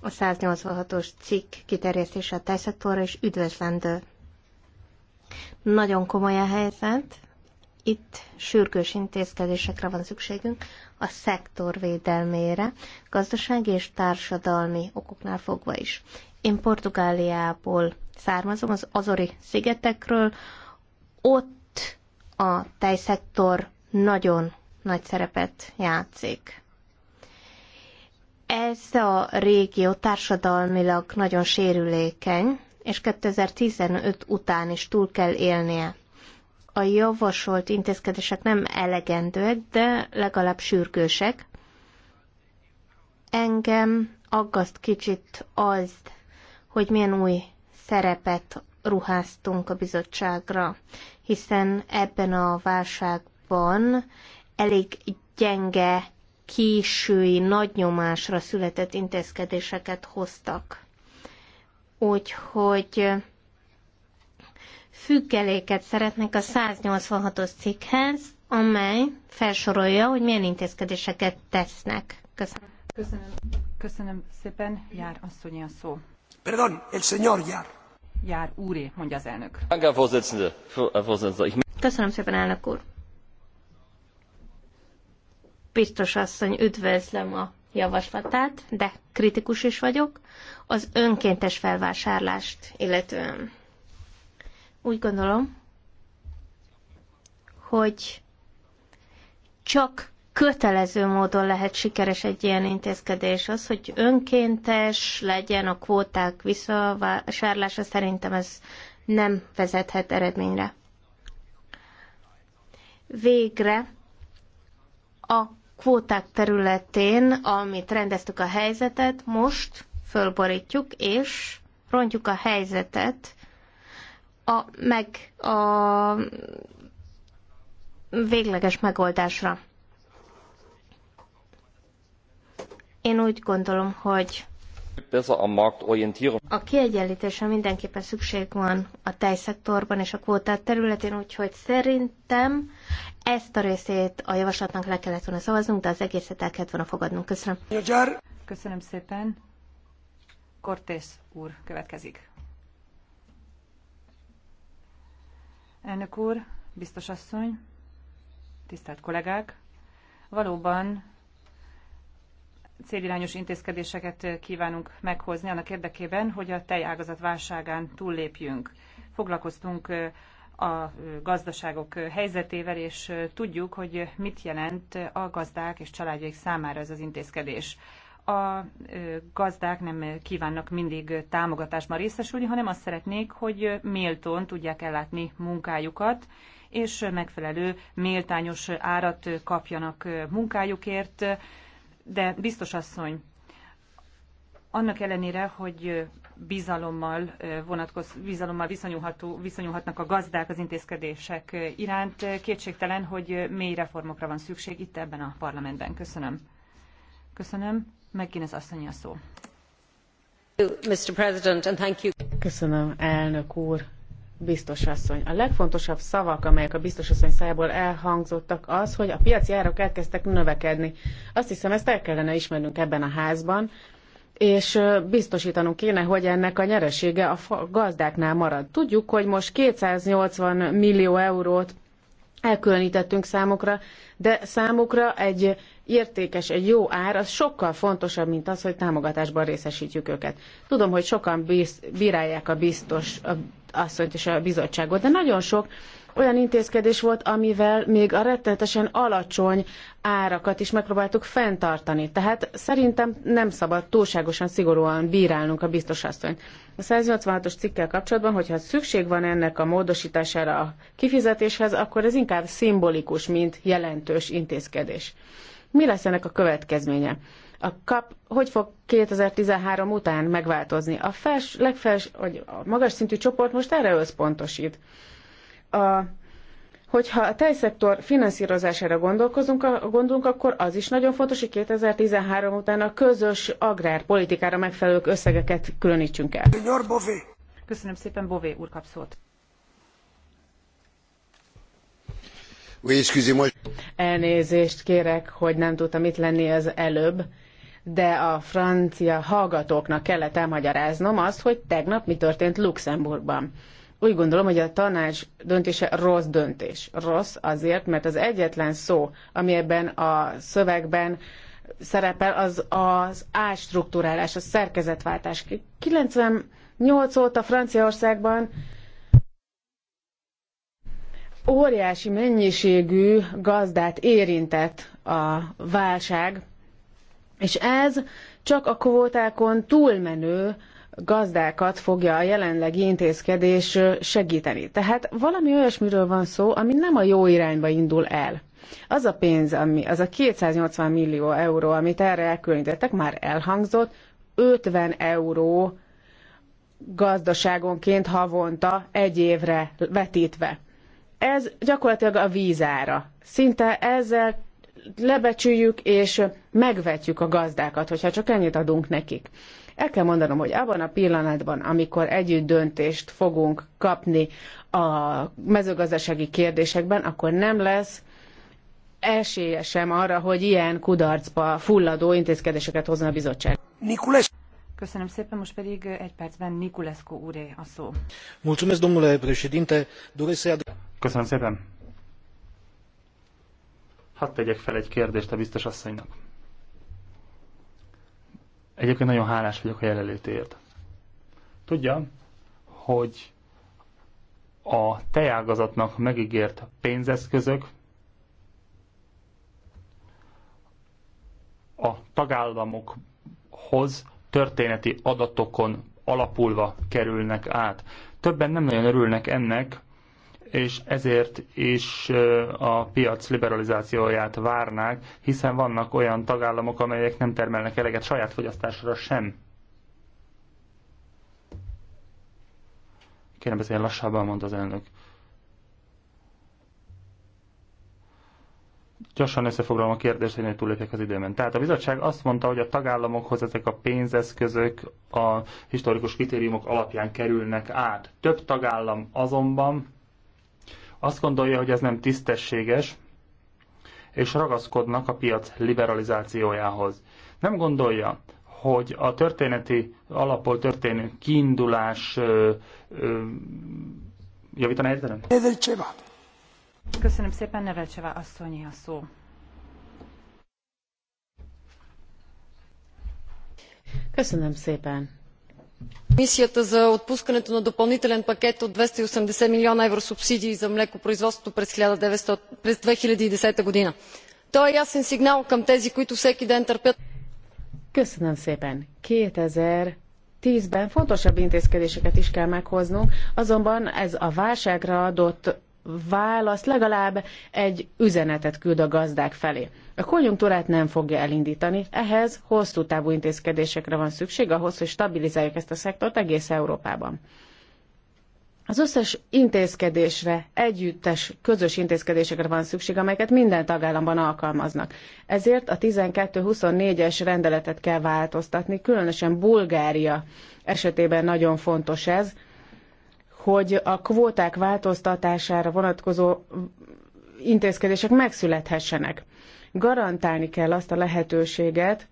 a 186-os cikk kiterjesztése a tejszektorra és üdvözlendő. Nagyon komoly a helyzet, itt sürgős intézkedésekre van szükségünk a szektor védelmére, gazdasági és társadalmi okoknál fogva is. Én Portugáliából származom, az Azori szigetekről, ott a tejszektor nagyon nagy szerepet játszik. Ez a régió társadalmilag nagyon sérülékeny, és 2015 után is túl kell élnie. A javasolt intézkedések nem elegendőek, de legalább sürgősek. Engem aggaszt kicsit az, hogy milyen új szerepet ruháztunk a bizottságra, hiszen ebben a válságban elég gyenge késői nagy nyomásra született intézkedéseket hoztak. Úgyhogy függeléket szeretnek a 186-os cikkhez, amely felsorolja, hogy milyen intézkedéseket tesznek. Köszönöm. Köszönöm, Köszönöm szépen. Jár asszonyi a szó. Perdón, el señor Jár. Jár úré, mondja az elnök. Köszönöm szépen, elnök úr. Biztos asszony, üdvözlöm a javaslatát, de kritikus is vagyok az önkéntes felvásárlást illetően. Úgy gondolom, hogy csak kötelező módon lehet sikeres egy ilyen intézkedés. Az, hogy önkéntes legyen a kvóták visszavásárlása, szerintem ez nem vezethet eredményre. Végre a kvóták területén, amit rendeztük a helyzetet, most fölborítjuk, és rontjuk a helyzetet, a, meg a végleges megoldásra. Én úgy gondolom, hogy a kiegyenlítésre mindenképpen szükség van a tejszektorban és a kvótát területén, úgyhogy szerintem ezt a részét a javaslatnak le kellett volna szavaznunk, de az egészet el kellett volna fogadnunk. Köszönöm. Köszönöm szépen. Cortés úr következik. Elnök úr, biztos asszony, tisztelt kollégák! Valóban célirányos intézkedéseket kívánunk meghozni annak érdekében, hogy a tejágazat válságán túllépjünk. Foglalkoztunk a gazdaságok helyzetével, és tudjuk, hogy mit jelent a gazdák és családjaik számára ez az intézkedés. A gazdák nem kívánnak mindig támogatásban részesülni, hanem azt szeretnék, hogy méltón tudják ellátni munkájukat, és megfelelő méltányos árat kapjanak munkájukért, de biztos asszony, annak ellenére, hogy bizalommal, vonatkoz, bizalommal viszonyulható, viszonyulhatnak a gazdák az intézkedések iránt, kétségtelen, hogy mély reformokra van szükség itt ebben a parlamentben. Köszönöm. Köszönöm. Megint asszony a szó. Köszönöm, elnök úr biztos asszony. A legfontosabb szavak, amelyek a biztos asszony szájából elhangzottak, az, hogy a piaci árak elkezdtek növekedni. Azt hiszem, ezt el kellene ismernünk ebben a házban, és biztosítanunk kéne, hogy ennek a nyeresége a gazdáknál marad. Tudjuk, hogy most 280 millió eurót elkülönítettünk számukra, de számukra egy értékes, egy jó ár, az sokkal fontosabb, mint az, hogy támogatásban részesítjük őket. Tudom, hogy sokan bírálják a biztos, a asszonyt és a bizottságot, de nagyon sok olyan intézkedés volt, amivel még a rettenetesen alacsony árakat is megpróbáltuk fenntartani. Tehát szerintem nem szabad túlságosan szigorúan bírálnunk a biztos asszonyt. A 186-os cikkel kapcsolatban, hogyha szükség van ennek a módosítására a kifizetéshez, akkor ez inkább szimbolikus, mint jelentős intézkedés. Mi lesz ennek a következménye? a kap hogy fog 2013 után megváltozni? A fels, legfels, vagy a magas szintű csoport most erre összpontosít. A, hogyha a tejszektor finanszírozására gondolkozunk, gondolunk, akkor az is nagyon fontos, hogy 2013 után a közös agrárpolitikára megfelelő összegeket különítsünk el. Köszönöm szépen, Bové úr kap szót. Elnézést kérek, hogy nem tudtam itt lenni az előbb de a francia hallgatóknak kellett elmagyaráznom azt, hogy tegnap mi történt Luxemburgban. Úgy gondolom, hogy a tanács döntése rossz döntés. Rossz azért, mert az egyetlen szó, ami ebben a szövegben szerepel, az az ástruktúrálás, a szerkezetváltás. 98 óta Franciaországban óriási mennyiségű gazdát érintett a válság, és ez csak a kvótákon túlmenő gazdákat fogja a jelenlegi intézkedés segíteni. Tehát valami olyasmiről van szó, ami nem a jó irányba indul el. Az a pénz, ami, az a 280 millió euró, amit erre elkülönítettek, már elhangzott, 50 euró gazdaságonként havonta egy évre vetítve. Ez gyakorlatilag a vízára. Szinte ezzel lebecsüljük és megvetjük a gazdákat, hogyha csak ennyit adunk nekik. El kell mondanom, hogy abban a pillanatban, amikor együtt döntést fogunk kapni a mezőgazdasági kérdésekben, akkor nem lesz esélye sem arra, hogy ilyen kudarcba fulladó intézkedéseket hozna a bizottság. Nikulás. Köszönöm szépen, most pedig egy percben Nikulescu úré a szó. Mulțumesc, domnule președinte. Köszönöm szépen, Hadd tegyek fel egy kérdést a biztos asszonynak. Egyébként nagyon hálás vagyok a jelenlétért. Tudja, hogy a tejágazatnak megígért pénzeszközök a tagállamokhoz történeti adatokon alapulva kerülnek át. Többen nem nagyon örülnek ennek, és ezért is a piac liberalizációját várnák, hiszen vannak olyan tagállamok, amelyek nem termelnek eleget saját fogyasztásra sem. Kéne beszélni lassabban, mond az elnök. gyorsan összefoglalom a kérdést, hogy túllépjek az időben. Tehát a bizottság azt mondta, hogy a tagállamokhoz ezek a pénzeszközök a historikus kritériumok alapján kerülnek át. Több tagállam azonban azt gondolja, hogy ez nem tisztességes, és ragaszkodnak a piac liberalizációjához. Nem gondolja, hogy a történeti alapból történő kiindulás ö, ö, javítana értelem? Köszönöm szépen, Nevelcseva asszonyi a szó. Köszönöm szépen комисията за отпускането на допълнителен пакет от двеста и осемдесет милиона евро субсидии за млекопроизводството през две хиляди и десета година. той е ясен сигнал към тези които всеки ден търпят. Köszönöm szépen. 2010-ben fontosabb intézkedéseket is kell meghoznunk, azonban ez a válságra adott válasz legalább egy üzenetet küld a gazdák felé a konjunktúrát nem fogja elindítani, ehhez hosszú távú intézkedésekre van szükség ahhoz, hogy stabilizáljuk ezt a szektort egész Európában. Az összes intézkedésre, együttes, közös intézkedésekre van szükség, amelyeket minden tagállamban alkalmaznak. Ezért a 12-24-es rendeletet kell változtatni, különösen Bulgária esetében nagyon fontos ez, hogy a kvóták változtatására vonatkozó intézkedések megszülethessenek garantálni kell azt a lehetőséget,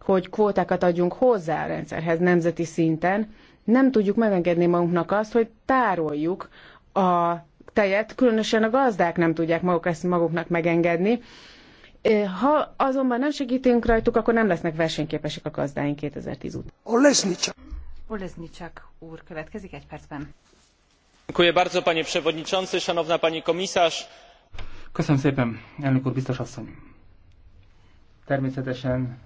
hogy kvótákat adjunk hozzá a rendszerhez nemzeti szinten. Nem tudjuk megengedni magunknak azt, hogy tároljuk a tejet, különösen a gazdák nem tudják maguk ezt maguknak megengedni. Ha azonban nem segítünk rajtuk, akkor nem lesznek versenyképesek a gazdáink 2010 után. Olesnicsak. Olesnicsak úr következik egy percben. Bardzo, panie przewodniczący, szanowna pani komisarz. Köszönöm szépen, elnök úr, biztos asszony Természetesen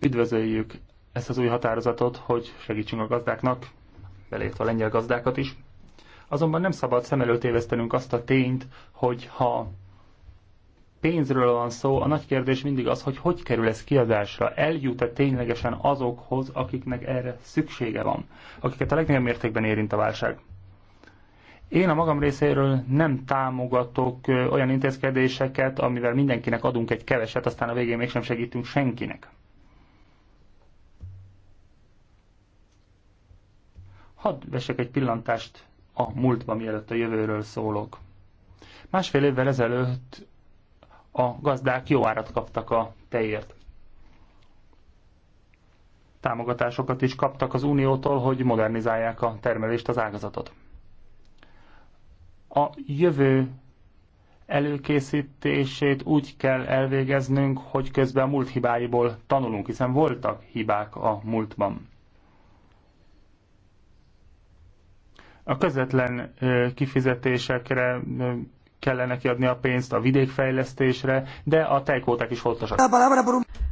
üdvözöljük ezt az új határozatot, hogy segítsünk a gazdáknak, belétve a lengyel gazdákat is. Azonban nem szabad szem előtt évesztenünk azt a tényt, hogy ha pénzről van szó, a nagy kérdés mindig az, hogy hogy kerül ez kiadásra, eljut-e ténylegesen azokhoz, akiknek erre szüksége van, akiket a legnagyobb mértékben érint a válság. Én a magam részéről nem támogatok olyan intézkedéseket, amivel mindenkinek adunk egy keveset, aztán a végén mégsem segítünk senkinek. Hadd vessek egy pillantást a múltba, mielőtt a jövőről szólok. Másfél évvel ezelőtt a gazdák jó árat kaptak a tejért. Támogatásokat is kaptak az Uniótól, hogy modernizálják a termelést, az ágazatot a jövő előkészítését úgy kell elvégeznünk, hogy közben a múlt hibáiból tanulunk, hiszen voltak hibák a múltban. A közvetlen kifizetésekre kellene kiadni a pénzt, a vidékfejlesztésre, de a tejkóták is fontosak.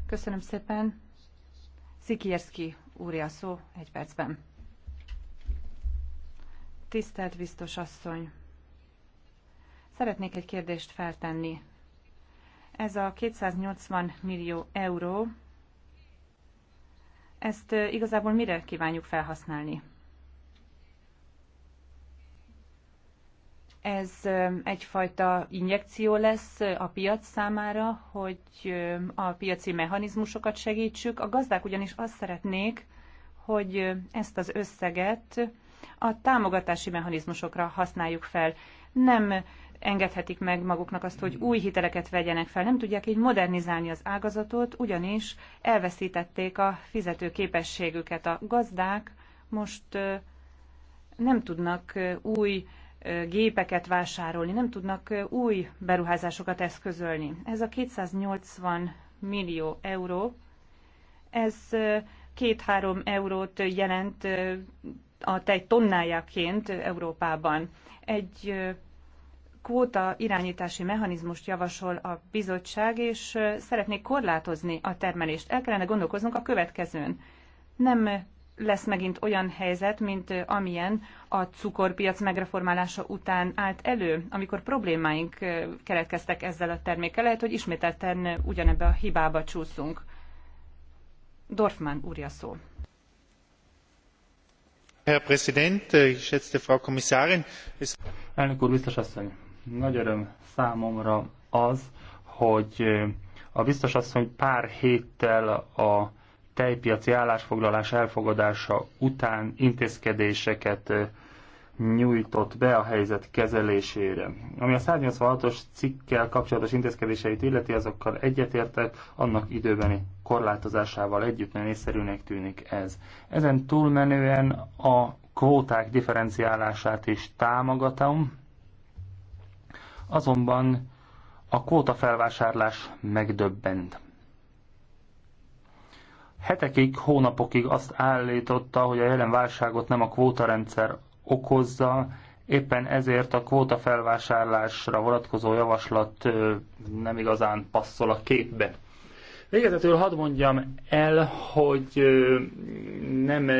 Köszönöm szépen. Szikierszki úrja szó egy percben. Tisztelt biztos asszony, Szeretnék egy kérdést feltenni. Ez a 280 millió euró, ezt igazából mire kívánjuk felhasználni? ez egyfajta injekció lesz a piac számára, hogy a piaci mechanizmusokat segítsük. A gazdák ugyanis azt szeretnék, hogy ezt az összeget a támogatási mechanizmusokra használjuk fel. Nem engedhetik meg maguknak azt, hogy új hiteleket vegyenek fel. Nem tudják így modernizálni az ágazatot, ugyanis elveszítették a fizető képességüket. A gazdák most nem tudnak új gépeket vásárolni, nem tudnak új beruházásokat eszközölni. Ez a 280 millió euró, ez 2-3 eurót jelent a tej tonnájaként Európában. Egy kvóta irányítási mechanizmust javasol a bizottság, és szeretnék korlátozni a termelést. El kellene gondolkoznunk a következőn. Nem lesz megint olyan helyzet, mint amilyen a cukorpiac megreformálása után állt elő, amikor problémáink keletkeztek ezzel a termékkel. Lehet, hogy ismételten ugyanebbe a hibába csúszunk. Dorfmann úrja szó. Herr Präsident, äh, geschätzte Frau Kommissarin! Elnök úr, biztos asszony! Nagy öröm számomra az, hogy a biztos asszony pár héttel a tejpiaci állásfoglalás elfogadása után intézkedéseket nyújtott be a helyzet kezelésére. Ami a 186-os cikkkel kapcsolatos intézkedéseit illeti, azokkal egyetértek, annak időbeni korlátozásával együtt nem észszerűnek tűnik ez. Ezen túlmenően a kvóták differenciálását is támogatom, azonban a kóta felvásárlás megdöbbent. Hetekig, hónapokig azt állította, hogy a jelen válságot nem a kvótarendszer okozza, éppen ezért a kvóta felvásárlásra vonatkozó javaslat nem igazán passzol a képbe. Végezetül hadd mondjam el, hogy nem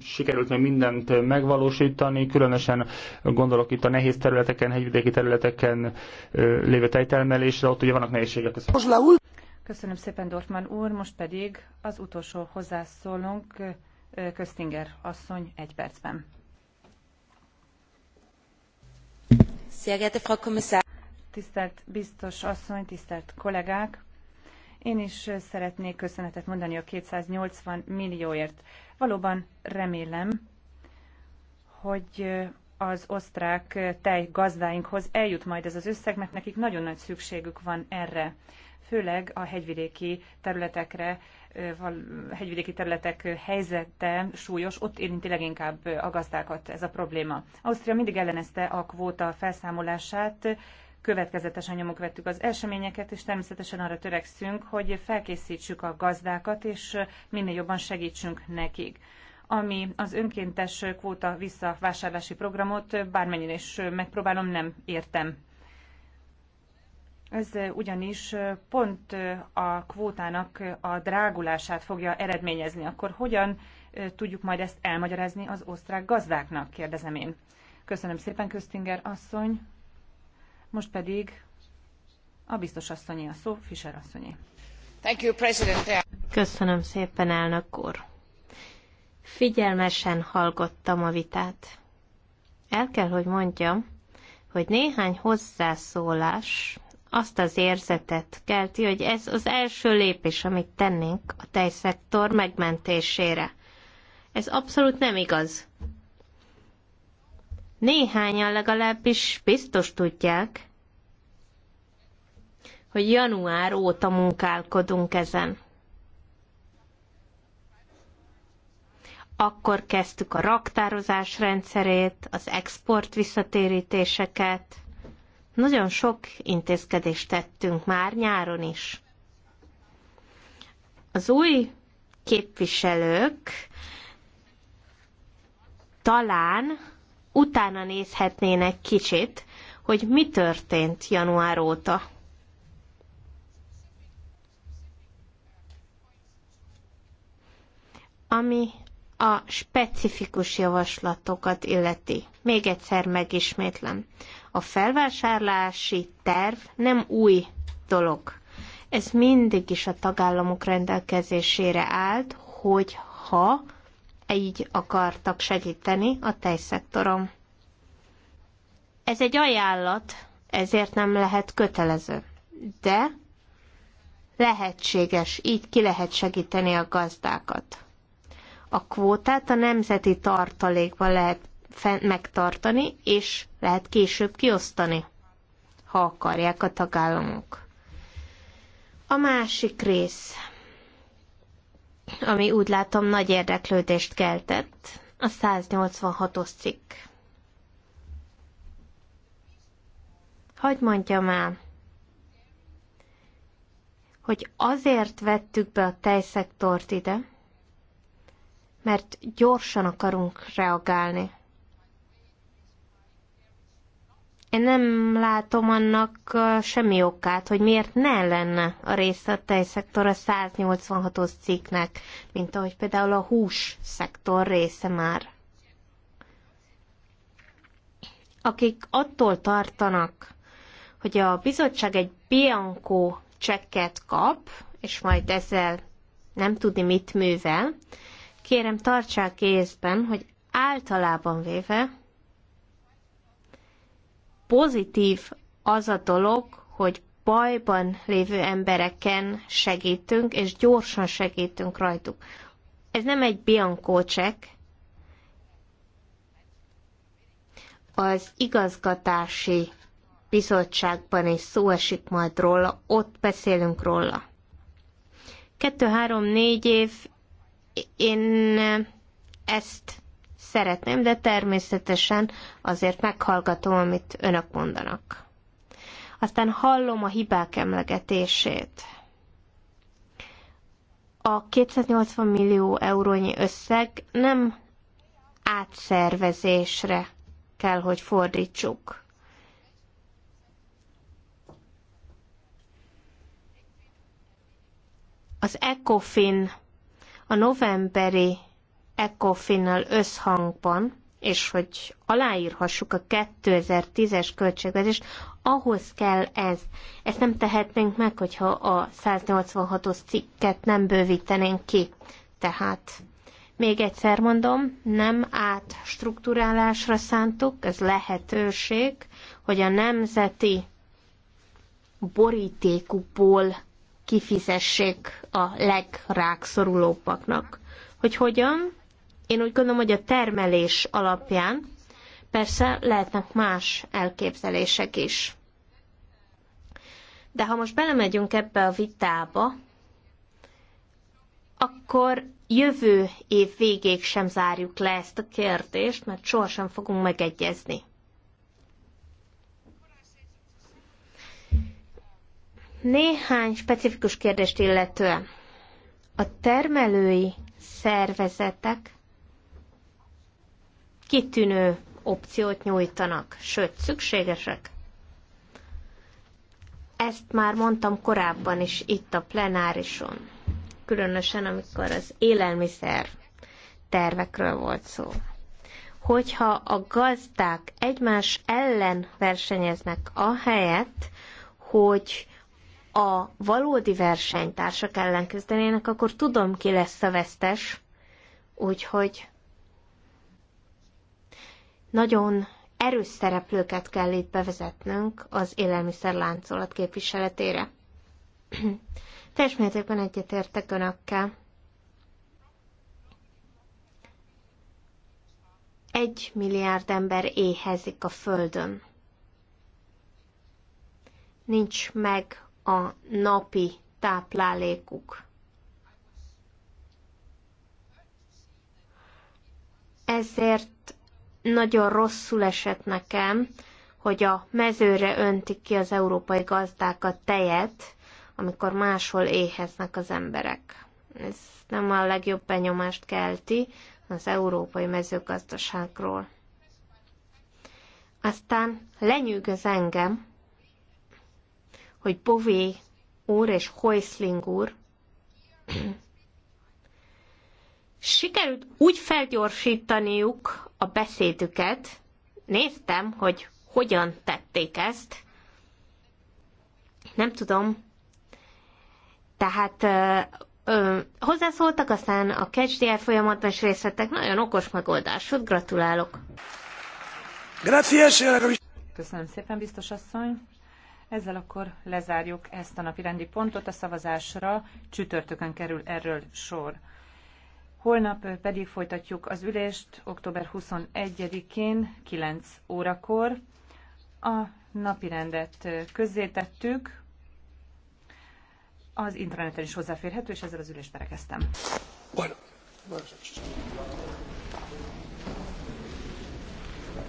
sikerült meg mindent megvalósítani, különösen gondolok itt a nehéz területeken, hegyvidéki területeken lévő tejtelmelésre, ott ugye vannak nehézségek. Köszönöm. Köszönöm szépen, Dortmann úr. Most pedig az utolsó hozzászólónk, Köztinger asszony, egy percben. Tisztelt biztos asszony, tisztelt kollégák! Én is szeretnék köszönetet mondani a 280 millióért. Valóban remélem, hogy az osztrák tejgazdáinkhoz eljut majd ez az összeg, mert nekik nagyon nagy szükségük van erre, főleg a hegyvidéki területekre, hegyvidéki területek helyzete súlyos, ott érinti leginkább a gazdákat ez a probléma. Ausztria mindig ellenezte a kvóta felszámolását, következetesen nyomok vettük az eseményeket, és természetesen arra törekszünk, hogy felkészítsük a gazdákat, és minél jobban segítsünk nekik ami az önkéntes kvóta visszavásárlási programot bármennyire is megpróbálom, nem értem. Ez ugyanis pont a kvótának a drágulását fogja eredményezni. Akkor hogyan tudjuk majd ezt elmagyarázni az osztrák gazdáknak, kérdezem én. Köszönöm szépen, Köztinger asszony. Most pedig a biztos asszonyé a szó, Fischer asszonyé. Thank you, President. Köszönöm szépen, elnök úr. Figyelmesen hallgattam a vitát. El kell, hogy mondjam, hogy néhány hozzászólás azt az érzetet kelti, hogy ez az első lépés, amit tennénk a tejszektor megmentésére. Ez abszolút nem igaz. Néhányan legalábbis biztos tudják, hogy január óta munkálkodunk ezen. Akkor kezdtük a raktározás rendszerét, az export visszatérítéseket. Nagyon sok intézkedést tettünk már nyáron is. Az új képviselők talán utána nézhetnének kicsit, hogy mi történt január óta. Ami a specifikus javaslatokat illeti. Még egyszer megismétlem. A felvásárlási terv nem új dolog. Ez mindig is a tagállamok rendelkezésére állt, hogy ha így akartak segíteni a tejszektorom. Ez egy ajánlat, ezért nem lehet kötelező. De lehetséges, így ki lehet segíteni a gazdákat. A kvótát a nemzeti tartalékban lehet megtartani, és lehet később kiosztani, ha akarják a tagállamok. A másik rész ami úgy látom nagy érdeklődést keltett, a 186-os cikk. Hogy mondjam el, hogy azért vettük be a tejszektort ide, mert gyorsan akarunk reagálni. Én nem látom annak semmi okát, hogy miért ne lenne a része a tejszektor a 186-os cikknek, mint ahogy például a hús szektor része már. Akik attól tartanak, hogy a bizottság egy bianco csekket kap, és majd ezzel nem tudni mit művel, kérem tartsák észben, hogy általában véve pozitív az a dolog, hogy bajban lévő embereken segítünk, és gyorsan segítünk rajtuk. Ez nem egy biankócsek, az igazgatási bizottságban is szó esik majd róla, ott beszélünk róla. Kettő-három-négy év, én ezt szeretném, de természetesen azért meghallgatom, amit önök mondanak. Aztán hallom a hibák emlegetését. A 280 millió eurónyi összeg nem átszervezésre kell, hogy fordítsuk. Az ECOFIN a novemberi ECOFIN-nal összhangban, és hogy aláírhassuk a 2010-es költségvetést, ahhoz kell ez. Ezt nem tehetnénk meg, hogyha a 186-os cikket nem bővítenénk ki. Tehát még egyszer mondom, nem átstruktúrálásra szántuk, ez lehetőség, hogy a nemzeti borítékukból kifizessék a legrákszorulóbbaknak. Hogy hogyan? Én úgy gondolom, hogy a termelés alapján persze lehetnek más elképzelések is. De ha most belemegyünk ebbe a vitába, akkor jövő év végéig sem zárjuk le ezt a kérdést, mert sohasem fogunk megegyezni. Néhány specifikus kérdést illetően. A termelői szervezetek kitűnő opciót nyújtanak, sőt, szükségesek. Ezt már mondtam korábban is itt a plenárison, különösen amikor az élelmiszer tervekről volt szó. Hogyha a gazdák egymás ellen versenyeznek a helyet, hogy a valódi versenytársak ellen küzdenének, akkor tudom, ki lesz a vesztes. Úgyhogy nagyon erős szereplőket kell itt bevezetnünk az élelmiszerláncolat képviseletére. Teljes mértékben egyetértek önökkel. Egy milliárd ember éhezik a Földön. Nincs meg a napi táplálékuk. Ezért nagyon rosszul esett nekem, hogy a mezőre öntik ki az európai gazdákat tejet, amikor máshol éheznek az emberek. Ez nem a legjobb benyomást kelti az európai mezőgazdaságról. Aztán lenyűgöz engem, hogy Bové úr és Hoisling úr sikerült úgy felgyorsítaniuk a beszédüket, néztem, hogy hogyan tették ezt, nem tudom, tehát ö, ö, hozzászóltak, aztán a CatchDR folyamatban is részt vettek, nagyon okos megoldás gratulálok. Köszönöm szépen, biztos asszony. Ezzel akkor lezárjuk ezt a napi rendi pontot. A szavazásra csütörtökön kerül erről sor. Holnap pedig folytatjuk az ülést október 21-én 9 órakor. A napirendet közzétettük, az interneten is hozzáférhető, és ezzel az ülést berekeztem. Bueno.